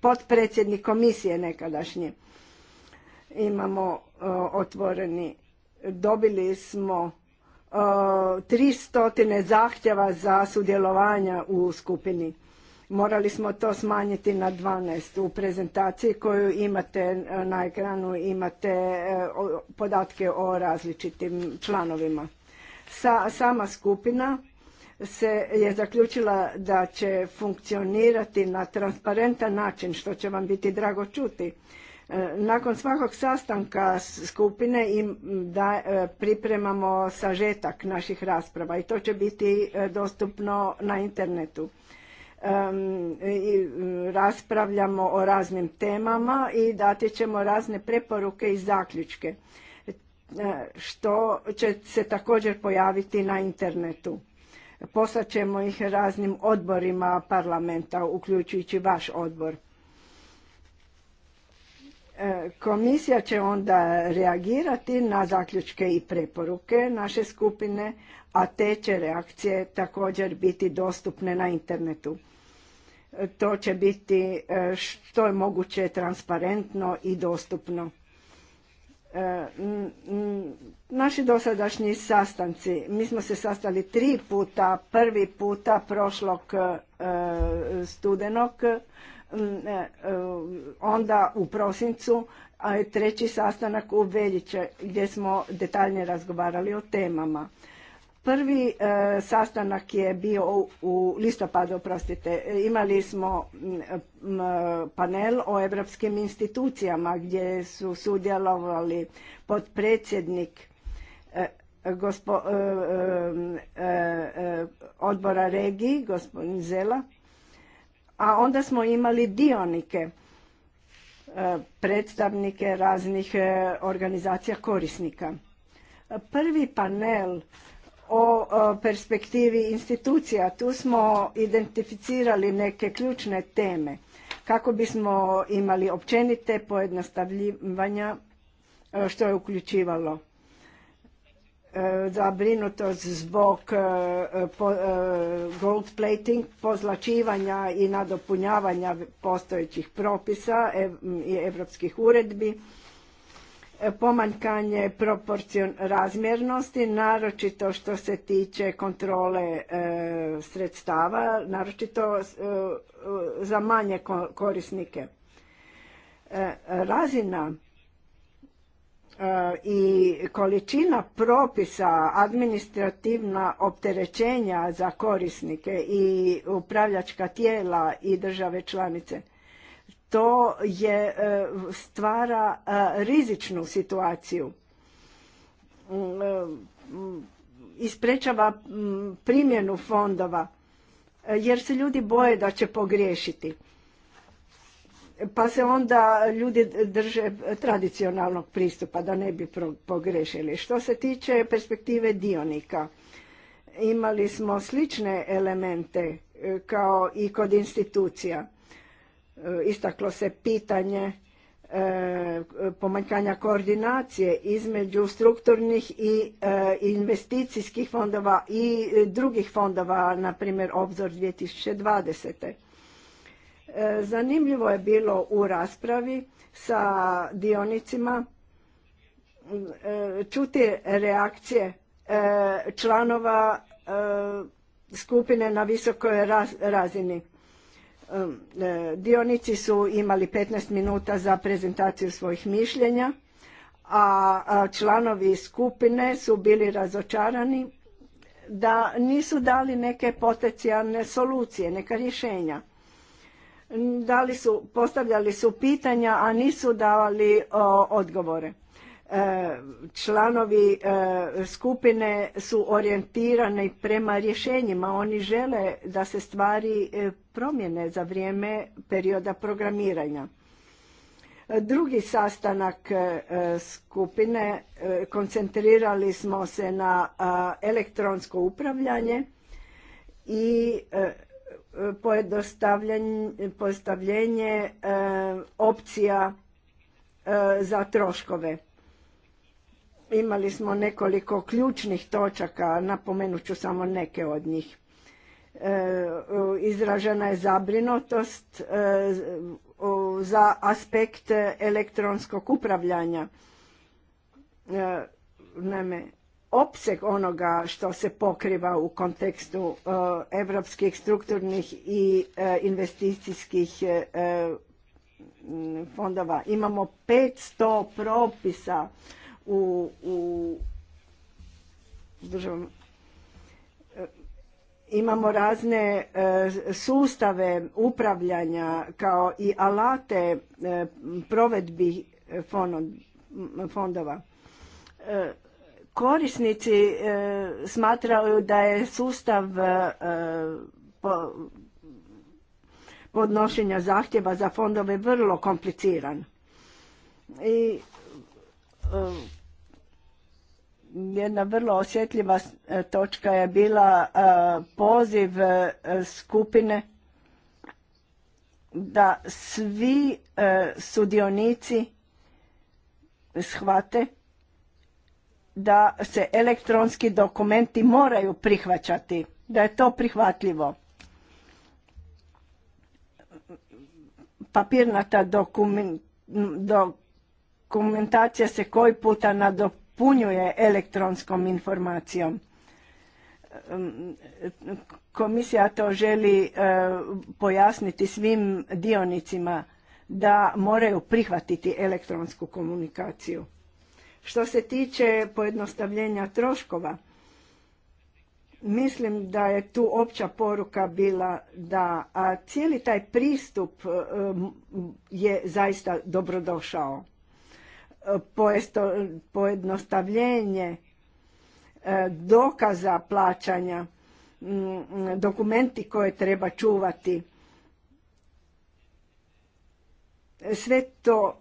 Speaker 3: potpredsjednik komisije nekadašnje. Imamo otvoreni, dobili smo 300 zahtjeva za sudjelovanja u skupini. Morali smo to smanjiti na 12. U prezentaciji koju imate na ekranu imate podatke o različitim članovima sama skupina se je zaključila da će funkcionirati na transparentan način, što će vam biti drago čuti. E, nakon svakog sastanka skupine im da e, pripremamo sažetak naših rasprava i to će biti e, dostupno na internetu. i raspravljamo o raznim temama i dati ćemo razne preporuke i zaključke. E, što će se također pojaviti na internetu. Poslat ćemo ih raznim odborima parlamenta, uključujući vaš odbor. E, komisija će onda reagirati na zaključke i preporuke naše skupine, a te će reakcije također biti dostupne na internetu. E, to će biti što je moguće transparentno i dostupno E, naši dosadašnji sastanci, mi smo se sastali tri puta, prvi puta prošlog e, studenog, e, onda u prosincu, a treći sastanak u Veljiće gdje smo detaljnije razgovarali o temama. Prvi e, sastanak je bio u listopadu, oprostite imali smo panel o evropskim institucijama gdje su sudjelovali potpredsjednik e, e, odbora regiji, gospodin Zela, a onda smo imali dionike, predstavnike raznih organizacija korisnika. Prvi panel o perspektivi institucija. Tu smo identificirali neke ključne teme kako bismo imali općenite pojednostavljivanja e, što je uključivalo e, zabrinutost zbog e, gold plating, pozlačivanja i nadopunjavanja postojećih propisa i evropskih uredbi, pomanjkanje razmjernosti, naročito što se tiče kontrole e, sredstava, naročito e, za manje korisnike. E, razina i količina propisa, administrativna opterećenja za korisnike i upravljačka tijela i države članice to je e, stvara e, rizičnu situaciju mm, e, mm, isprečava mm, primjenu fondova jer se ljudi boje da će pogriješiti pa se onda ljudi drže tradicionalnog pristupa da ne bi pogriješili. što se tiče perspektive dionika imali smo slične elemente kao i kod institucija E, istaklo se pitanje e, pomanjkanja koordinacije između strukturnih i e, investicijskih fondova i drugih fondova, na primjer Obzor 2020. Zanimljivo je bilo u raspravi sa dionicima čuti reakcije članova skupine na visokoj razini Dionici su imali 15 minuta za prezentaciju svojih mišljenja, a članovi skupine su bili razočarani da nisu dali neke potencijalne solucije, neka rješenja. Dali su, postavljali su pitanja, a nisu davali odgovore. E, članovi e, skupine su orijentirani prema rješenjima. Oni žele da se stvari e, promjene za vrijeme perioda programiranja. Drugi sastanak skupine koncentrirali smo se na elektronsko upravljanje i postavljenje opcija za troškove. Imali smo nekoliko ključnih točaka, napomenut ću samo neke od njih. E, izražena je zabrinutost e, za aspekt elektronskog upravljanja. E, naime, opseg onoga što se pokriva u kontekstu evropskih strukturnih i investicijskih fondova. Imamo 500 propisa u, u e, Imamo razne e, sustave upravljanja kao i alate e, provedbi fondova. Korisnici smatraju da je sustav podnošenja zahtjeva za fondove vrlo kompliciran. I Um, jedna vrlo osjetljiva e, točka je bila e, poziv e, skupine da svi sudionici shvate da se elektronski dokumenti moraju prihvaćati, da je to prihvatljivo. Papirnata dokument, dokumentacija se koji puta nadopunjuje elektronskom informacijom. Komisija to želi e, pojasniti svim dionicima da moraju prihvatiti elektronsku komunikaciju. Što se tiče pojednostavljenja troškova, mislim da je tu opća poruka bila da cijeli taj pristup e, je zaista dobrodošao pojednostavljenje e, dokaza plaćanja, dokumenti koje treba čuvati. Sve to,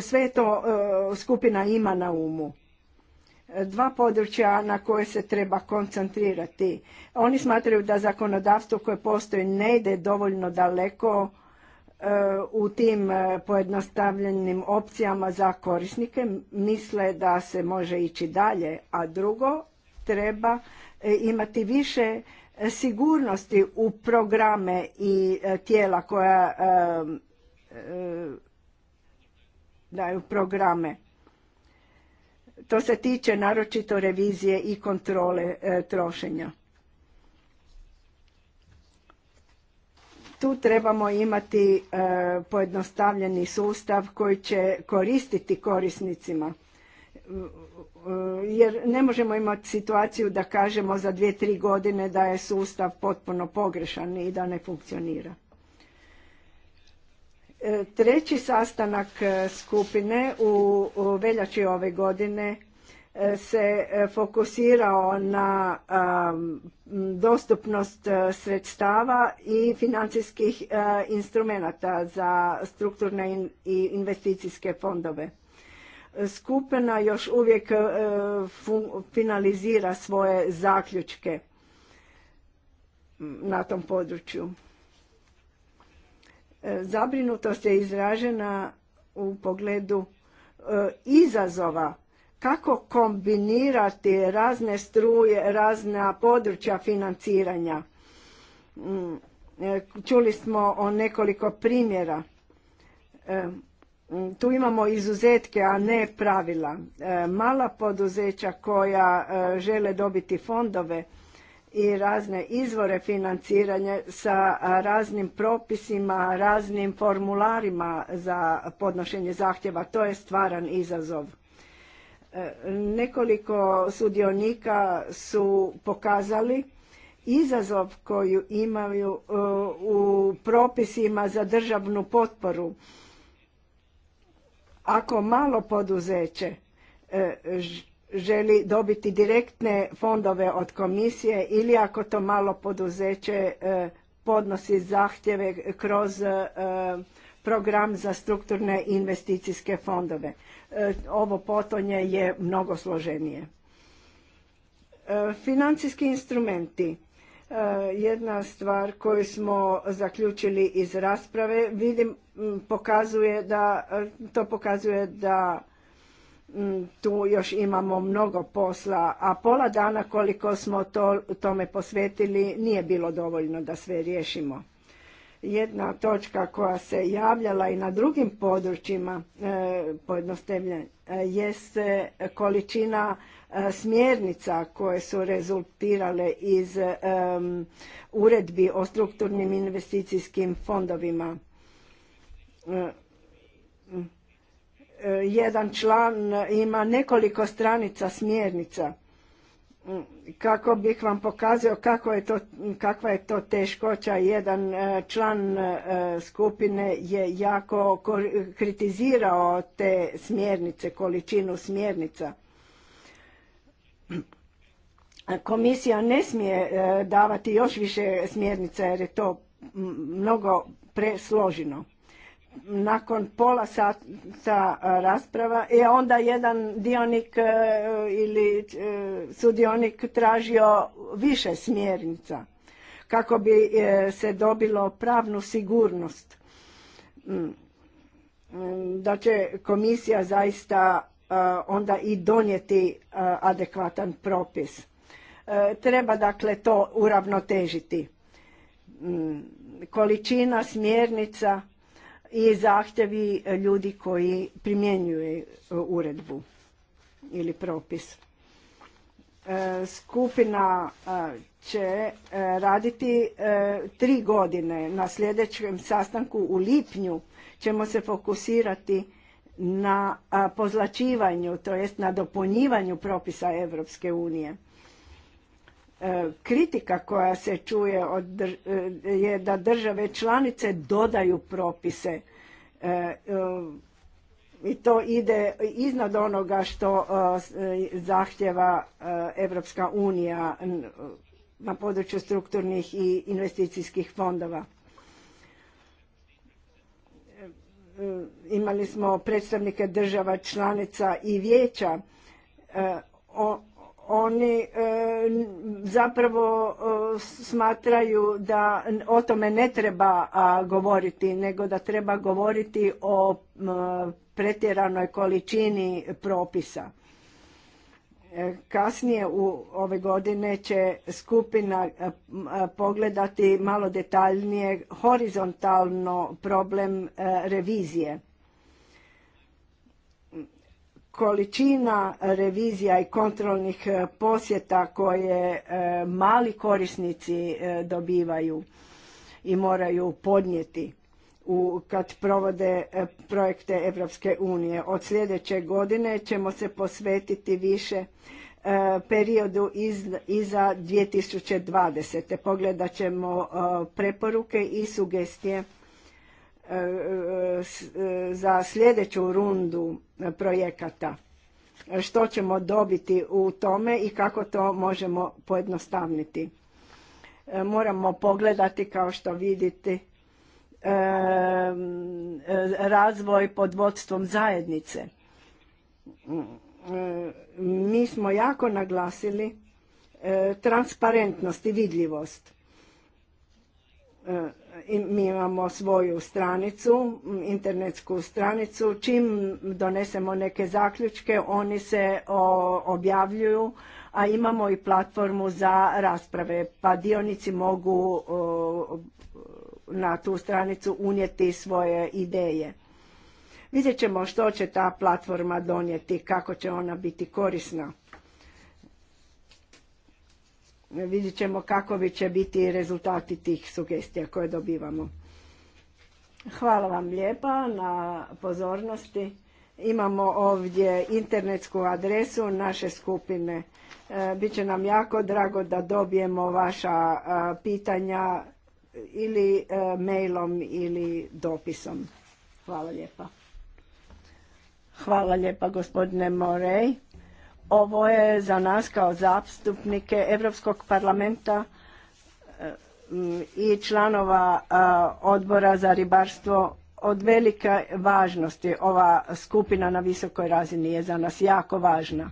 Speaker 3: sve to e, skupina ima na umu. Dva područja na koje se treba koncentrirati. Oni smatraju da zakonodavstvo koje postoji ne ide dovoljno daleko E, u tim e, pojednostavljenim opcijama za korisnike misle da se može ići dalje, a drugo treba e, imati više sigurnosti u programe i tijela koja daju programe. To se tiče naročito revizije i kontrole trošenja. Tu trebamo imati e, pojednostavljeni sustav koji će koristiti korisnicima. E, jer ne možemo imati situaciju da kažemo za dvije, tri godine da je sustav potpuno pogrešan i da ne funkcionira. E, treći sastanak skupine u veljači ove godine se e, fokusirao na e, dostupnost e, sredstava i financijskih instrumenata za strukturne i investicijske fondove. Skupina još uvijek finalizira svoje zaključke na tom području. Zabrinutost je izražena u pogledu izazova kako kombinirati razne struje, razna područja financiranja. Mm, e, čuli smo o nekoliko primjera. E, mm, tu imamo izuzetke, a ne pravila. E, mala poduzeća koja žele dobiti fondove i razne izvore financiranja sa raznim propisima, raznim formularima za podnošenje zahtjeva, to je stvaran izazov E, nekoliko sudionika su pokazali izazov koju imaju e, u propisima za državnu potporu. Ako malo poduzeće e, želi dobiti direktne fondove od komisije ili ako to malo poduzeće podnosi zahtjeve kroz program za strukturne investicijske fondove. E, ovo potonje je mnogo složenije. E, financijski instrumenti. E, jedna stvar koju smo zaključili iz rasprave vidim pokazuje da to pokazuje da tu još imamo mnogo posla, a pola dana koliko smo to, tome posvetili nije bilo dovoljno da sve riješimo jedna točka koja se javljala i na drugim područjima e, pojednostavljena e, jest e, količina smjernica koje su rezultirale iz uredbi o strukturnim investicijskim fondovima. Jedan član ima nekoliko stranica smjernica kako bih vam pokazao kako je to, kakva je to teškoća. Jedan e, član e, skupine je jako kritizirao te smjernice, količinu smjernica. Komisija ne smije e, davati još više smjernica jer je to mnogo presloženo nakon pola sata rasprava je onda jedan dionik e, ili e, sudionik tražio više smjernica kako bi e, se dobilo pravnu sigurnost mm. da će komisija zaista onda i donijeti adekvatan propis. Treba dakle to uravnotežiti. Mm. Količina smjernica i zahtjevi e, ljudi koji primjenjuju e, uredbu ili propis. E, skupina će raditi tri godine. Na sljedećem sastanku u lipnju ćemo se fokusirati na pozlačivanju, to jest na dopunjivanju propisa Europske unije. E, kritika koja se čuje od, e, je da države članice dodaju propise e, i to ide iznad onoga što zahtjeva Evropska unija na području strukturnih i investicijskih fondova. Imali smo predstavnike država članica i vijeća oni e, zapravo e, smatraju da o tome ne treba govoriti, nego da treba govoriti o pretjeranoj količini propisa. E, kasnije u ove godine će skupina pogledati malo detaljnije horizontalno problem revizije količina revizija i kontrolnih e, posjeta koje e, mali korisnici e, dobivaju i moraju podnijeti u, kad provode projekte Europske unije. Od sljedeće godine ćemo se posvetiti više periodu iza 2020. Pogledat ćemo preporuke i sugestije E, za sljedeću rundu projekata. Što ćemo dobiti u tome i kako to možemo pojednostavniti. E, moramo pogledati kao što vidite e, razvoj pod vodstvom zajednice. Mi smo jako naglasili transparentnost i vidljivost mi imamo svoju stranicu, internetsku stranicu. Čim donesemo neke zaključke, oni se objavljuju, a imamo i platformu za rasprave, pa dionici mogu na tu stranicu unijeti svoje ideje. Vidjet ćemo što će ta platforma donijeti, kako će ona biti korisna. Vidjet ćemo kako će biti rezultati tih sugestija koje dobivamo. Hvala vam lijepa na pozornosti. Imamo ovdje internetsku adresu naše skupine. E, Biće nam jako drago da dobijemo vaša e, pitanja ili e, mailom ili dopisom. Hvala lijepa. Hvala lijepa gospodine Morej. Ovo je za nas kao zastupnike Europskog parlamenta e, i članova e, odbora za ribarstvo od velike važnosti. Ova skupina na visokoj razini je za nas jako važna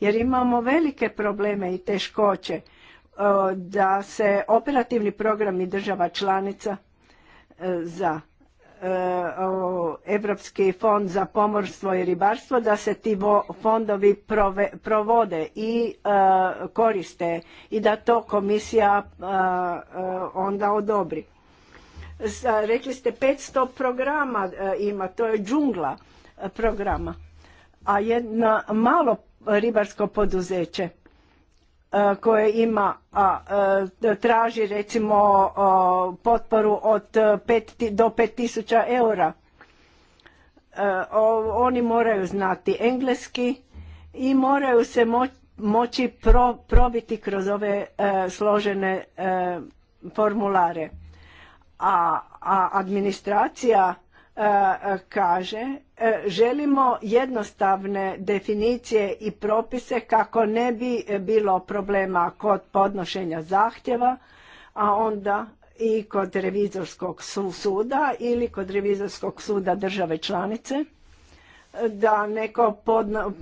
Speaker 3: jer imamo velike probleme i teškoće e, da se operativni programi država članica za Europski fond za pomorstvo i ribarstvo da se ti fondovi provode i e, koriste i da to komisija e, e, onda odobri. rekli ste 500 programa ima, to je džungla programa, a jedno malo ribarsko poduzeće E, koje ima a, e, traži recimo potporu od do 5000 eura. E, oni moraju znati engleski i moraju se moći probiti kroz ove složene formulare. a administracija E, kaže e, želimo jednostavne definicije i propise kako ne bi bilo problema kod podnošenja zahtjeva, a onda i kod revizorskog suda ili kod revizorskog suda države članice e, da neko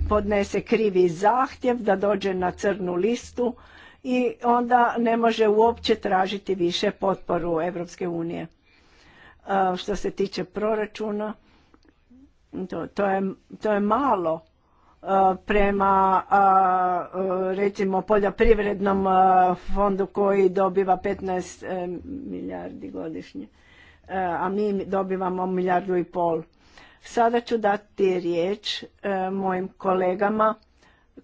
Speaker 3: podnese krivi zahtjev, da dođe na crnu listu i onda ne može uopće tražiti više potporu Europske unije što se tiče proračuna. To, to, je, to je malo prema recimo poljoprivrednom fondu koji dobiva 15 e, milijardi godišnje, e, a mi dobivamo milijardu i pol. Sada ću dati riječ e, mojim kolegama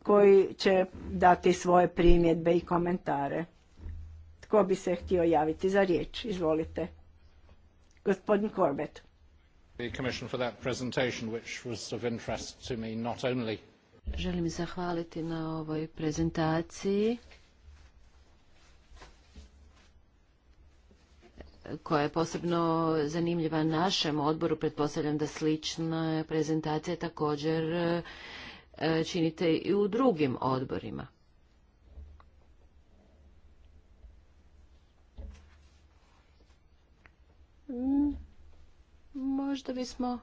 Speaker 3: koji će dati svoje primjedbe i komentare. Tko bi se htio javiti za riječ? Izvolite. Gospodin Corbett. Želim zahvaliti na ovoj
Speaker 1: prezentaciji koja je posebno zanimljiva našem odboru. Pretpostavljam da slična prezentacija također e, činite i u drugim odborima. Mm, možda bismo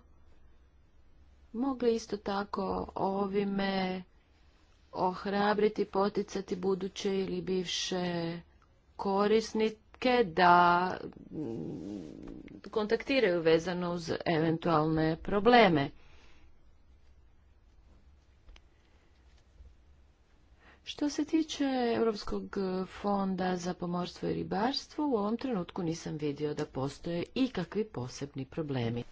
Speaker 1: mogli isto tako ovime ohrabriti, poticati buduće ili bivše korisnike da mm, kontaktiraju vezano uz eventualne probleme. Što se tiče Europskog e, fonda za pomorstvo i ribarstvo, u ovom trenutku nisam vidio da postoje ikakvi posebni problemi.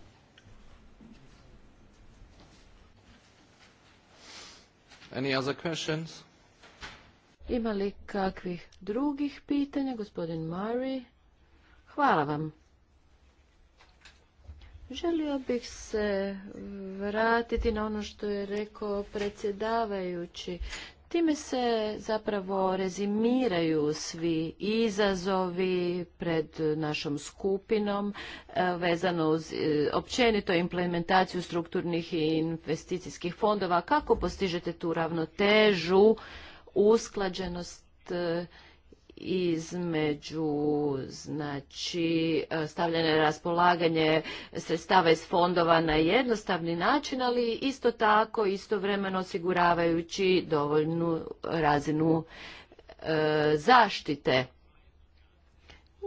Speaker 1: Any other questions? Ima li kakvih drugih pitanja, gospodin Murray? Hvala vam. Želio bih se vratiti na ono što je rekao predsjedavajući. Time se zapravo rezimiraju svi izazovi pred našom skupinom e, vezano uz e, općenito implementaciju strukturnih i investicijskih fondova. Kako postižete tu ravnotežu, usklađenost e, između znači e, stavljanje raspolaganje sredstava iz fondova na jednostavni način, ali isto tako istovremeno osiguravajući dovoljnu razinu e, zaštite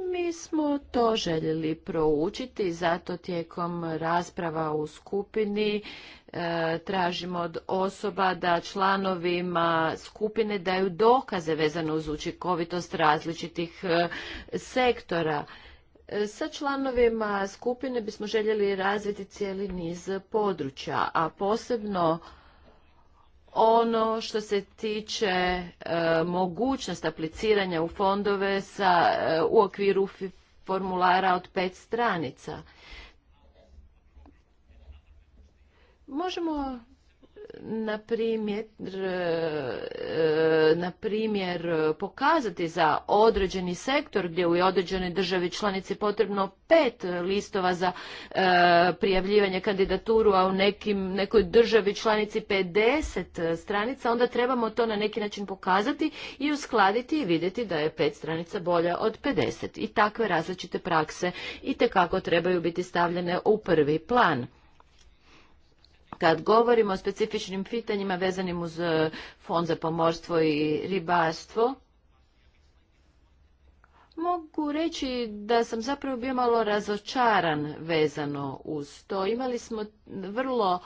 Speaker 3: mi smo
Speaker 1: to željeli proučiti, zato tijekom rasprava u skupini e, tražimo od osoba da članovima skupine daju dokaze vezano uz učinkovitost različitih e, sektora. E, sa članovima skupine bismo željeli razviti cijeli niz područja, a posebno ono što se tiče e, mogućnost apliciranja u fondove sa, e, u okviru formulara od pet stranica. Možemo na primjer, e, na primjer pokazati za određeni sektor gdje u određenoj državi članici potrebno pet listova za e, prijavljivanje kandidaturu, a u nekim, nekoj državi članici 50 stranica, onda trebamo to na neki način pokazati i uskladiti i vidjeti da je pet stranica bolja od 50. I takve različite prakse i kako trebaju biti stavljene u prvi plan. Kad govorimo o specifičnim pitanjima vezanim uz e, Fond za pomorstvo i ribarstvo, mogu reći da sam zapravo bio malo razočaran vezano uz to. Imali smo vrlo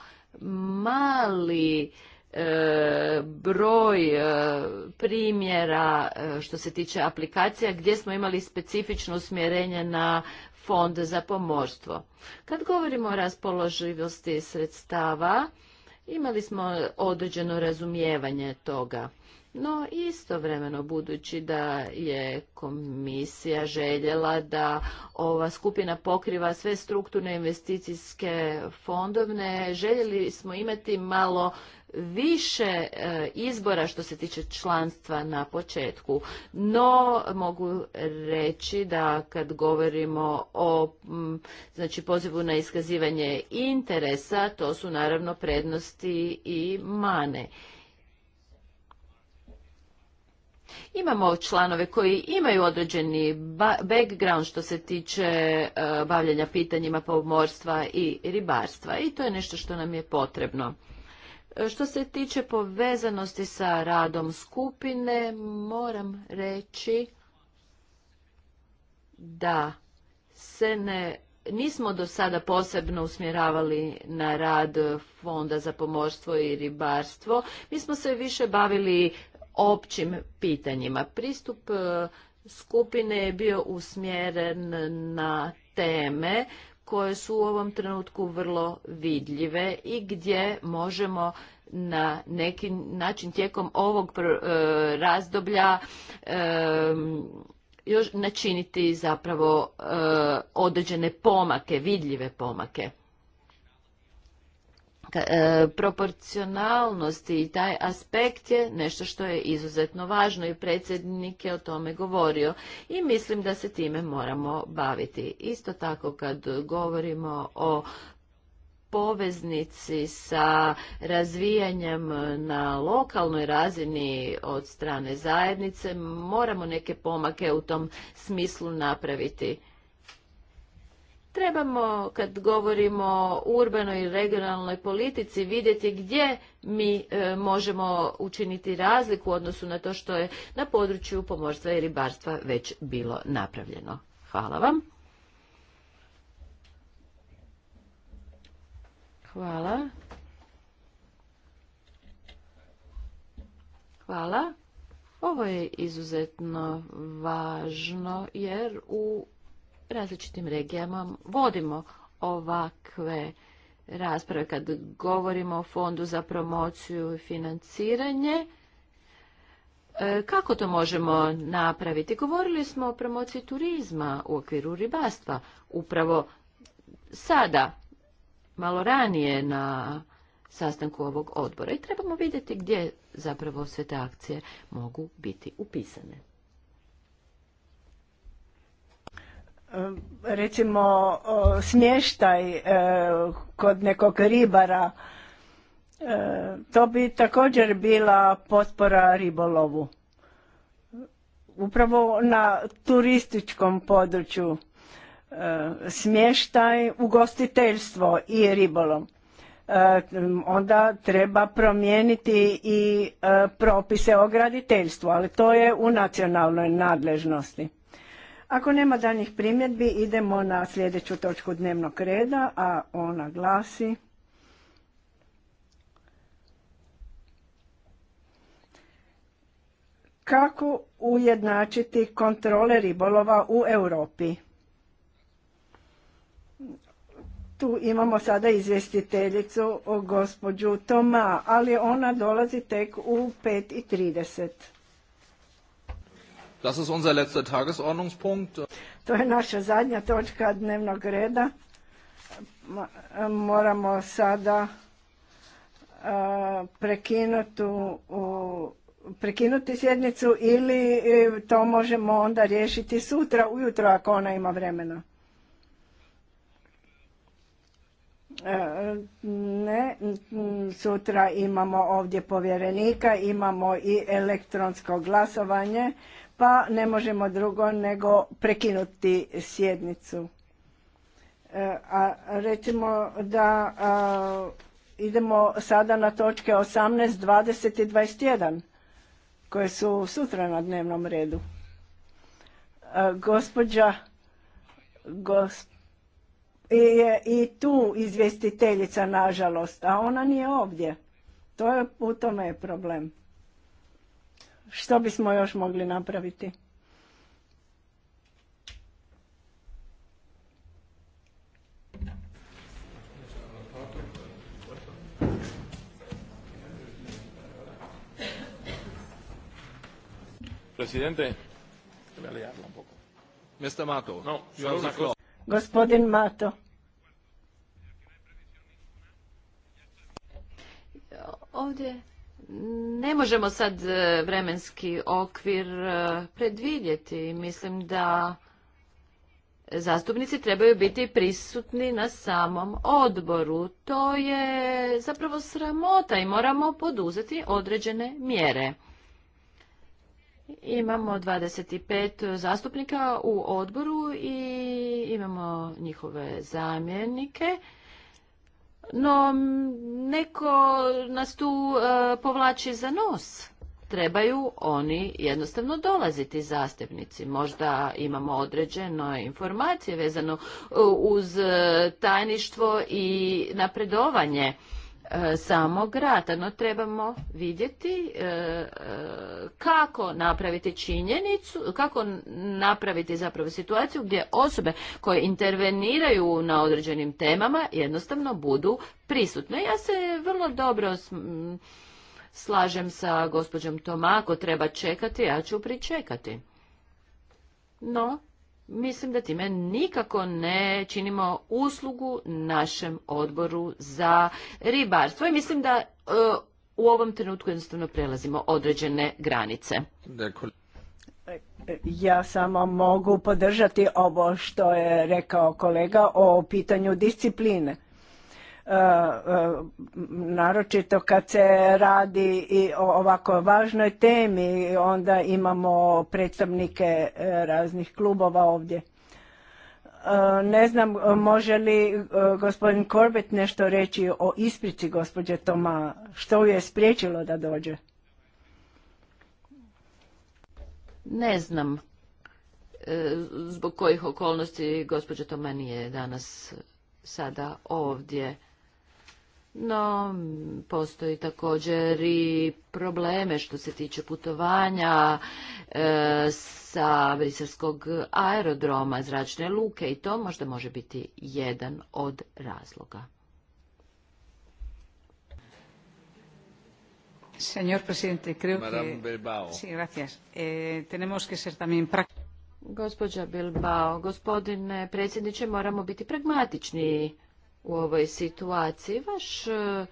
Speaker 1: mali e, broj e, primjera što se tiče aplikacija gdje smo imali specifično usmjerenje na fond za pomorstvo. Kad govorimo o raspoloživosti sredstava, imali smo određeno razumijevanje toga. No istovremeno budući da je komisija željela da ova skupina pokriva sve strukturne investicijske fondovne, željeli smo imati malo više e, izbora što se tiče članstva na početku. No, mogu reći da kad govorimo o znači, pozivu na iskazivanje interesa, to su naravno prednosti i mane. Imamo članove koji imaju određeni background što se tiče e, bavljanja pitanjima pomorstva i ribarstva i to je nešto što nam je potrebno. E, što se tiče povezanosti sa radom skupine, moram reći da se ne nismo do sada posebno usmjeravali na rad Fonda za pomorstvo i ribarstvo. Mi smo se više bavili općim pitanjima. Pristup e, skupine je bio usmjeren na teme koje su u ovom trenutku vrlo vidljive i gdje možemo na neki način tijekom ovog e, razdoblja e, još načiniti zapravo određene pomake, vidljive pomake. E, proporcionalnosti i taj aspekt je nešto što je izuzetno važno i predsjednik je o tome govorio i mislim da se time moramo baviti. Isto tako kad govorimo o poveznici sa razvijanjem na lokalnoj razini od strane zajednice moramo neke pomake u tom smislu napraviti trebamo kad govorimo o urbanoj i regionalnoj politici vidjeti gdje mi e, možemo učiniti razliku u odnosu na to što je na području pomorstva i ribarstva već bilo napravljeno. Hvala vam. Hvala. Hvala. Ovo je izuzetno važno jer u različitim regijama vodimo ovakve rasprave kad govorimo o fondu za promociju i financiranje. E, kako to možemo napraviti? Govorili smo o promociji turizma u okviru ribarstva. Upravo sada, malo ranije na sastanku ovog odbora i trebamo vidjeti gdje zapravo sve te akcije mogu biti upisane.
Speaker 3: recimo smještaj e, kod nekog ribara e, to bi također bila potpora ribolovu upravo na turističkom području e, smještaj ugostiteljstvo i ribolov onda treba promijeniti i propise o graditeljstvu ali to je u nacionalnoj nadležnosti ako nema daljnjih primjedbi, idemo na sljedeću točku dnevnog reda, a ona glasi... Kako ujednačiti kontrole ribolova u Europi? Tu imamo sada izvjestiteljicu, gospođu Toma, ali ona dolazi tek u 5.30.
Speaker 1: Das ist unser letzter Tagesordnungspunkt.
Speaker 3: To je naša zadnja točka dnevnog reda. Moramo sada e, prekinuti sjednicu ili e, to možemo onda riješiti sutra ujutro ako ona ima vremena. E, ne, sutra imamo ovdje povjerenika, imamo i elektronsko glasovanje pa ne možemo drugo nego prekinuti sjednicu. E, a recimo da idemo sada na točke 18, 20 i 21 koje su sutra na dnevnom redu. E, gospođa je i tu izvjestiteljica nažalost, a ona nije ovdje. To je, u tome je problem. Što bismo još mogli napraviti?
Speaker 1: Presidente, Mr. Mato, no, you
Speaker 3: Gospodin Mato.
Speaker 1: Ovdje ne možemo sad e, vremenski okvir e, predvidjeti. Mislim da zastupnici trebaju biti prisutni na samom odboru. To je zapravo sramota i moramo poduzeti određene mjere. Imamo 25 zastupnika u odboru i imamo njihove zamjenike no neko nas tu e, povlači za nos. Trebaju oni jednostavno dolaziti zastupnici. Možda imamo određene informacije vezano e, uz e, tajništvo i napredovanje E, samog rata, no trebamo vidjeti e, e, kako napraviti činjenicu, kako napraviti zapravo situaciju gdje osobe koje interveniraju na određenim temama jednostavno budu prisutne. Ja se vrlo dobro slažem sa gospođom Tomako, treba čekati, ja ću pričekati. No, Mislim da time nikako ne činimo uslugu našem odboru za ribarstvo i mislim da e, u ovom trenutku jednostavno prelazimo određene granice.
Speaker 3: Ja samo mogu podržati ovo što je rekao kolega o pitanju discipline naročito kad se radi i o ovako važnoj temi, onda imamo predstavnike e, raznih klubova ovdje. E, ne znam, može li e, gospodin Korbet nešto reći o isprici gospođe Toma, što ju je spriječilo da dođe? Ne znam
Speaker 1: zbog kojih okolnosti gospođa Toma nije danas sada ovdje no postoji također i probleme što se tiče putovanja e, sa briselskog aerodroma, zračne luke i to možda može biti jedan od razloga. Señor presidente, creo que... Sí, gracias. Eh, tenemos que ser también Bilbao, gospodine predsjedniče, moramo biti pragmatični u ovoj situaciji. Vaš e,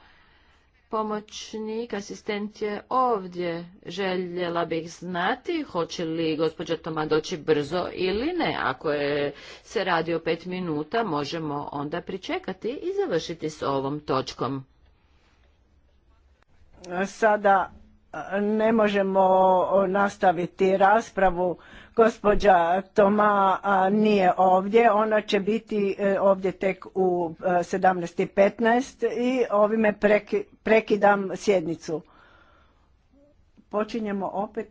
Speaker 1: pomoćnik, asistent je ovdje. Željela bih znati hoće li gospođa Toma doći brzo ili ne. Ako je se radi o pet minuta, možemo onda pričekati i završiti s ovom točkom.
Speaker 3: Sada e, ne možemo nastaviti raspravu Gospođa Toma nije ovdje, ona će biti e, ovdje tek u 17.15 e, i ovime prekidam sjednicu. Počinjemo opet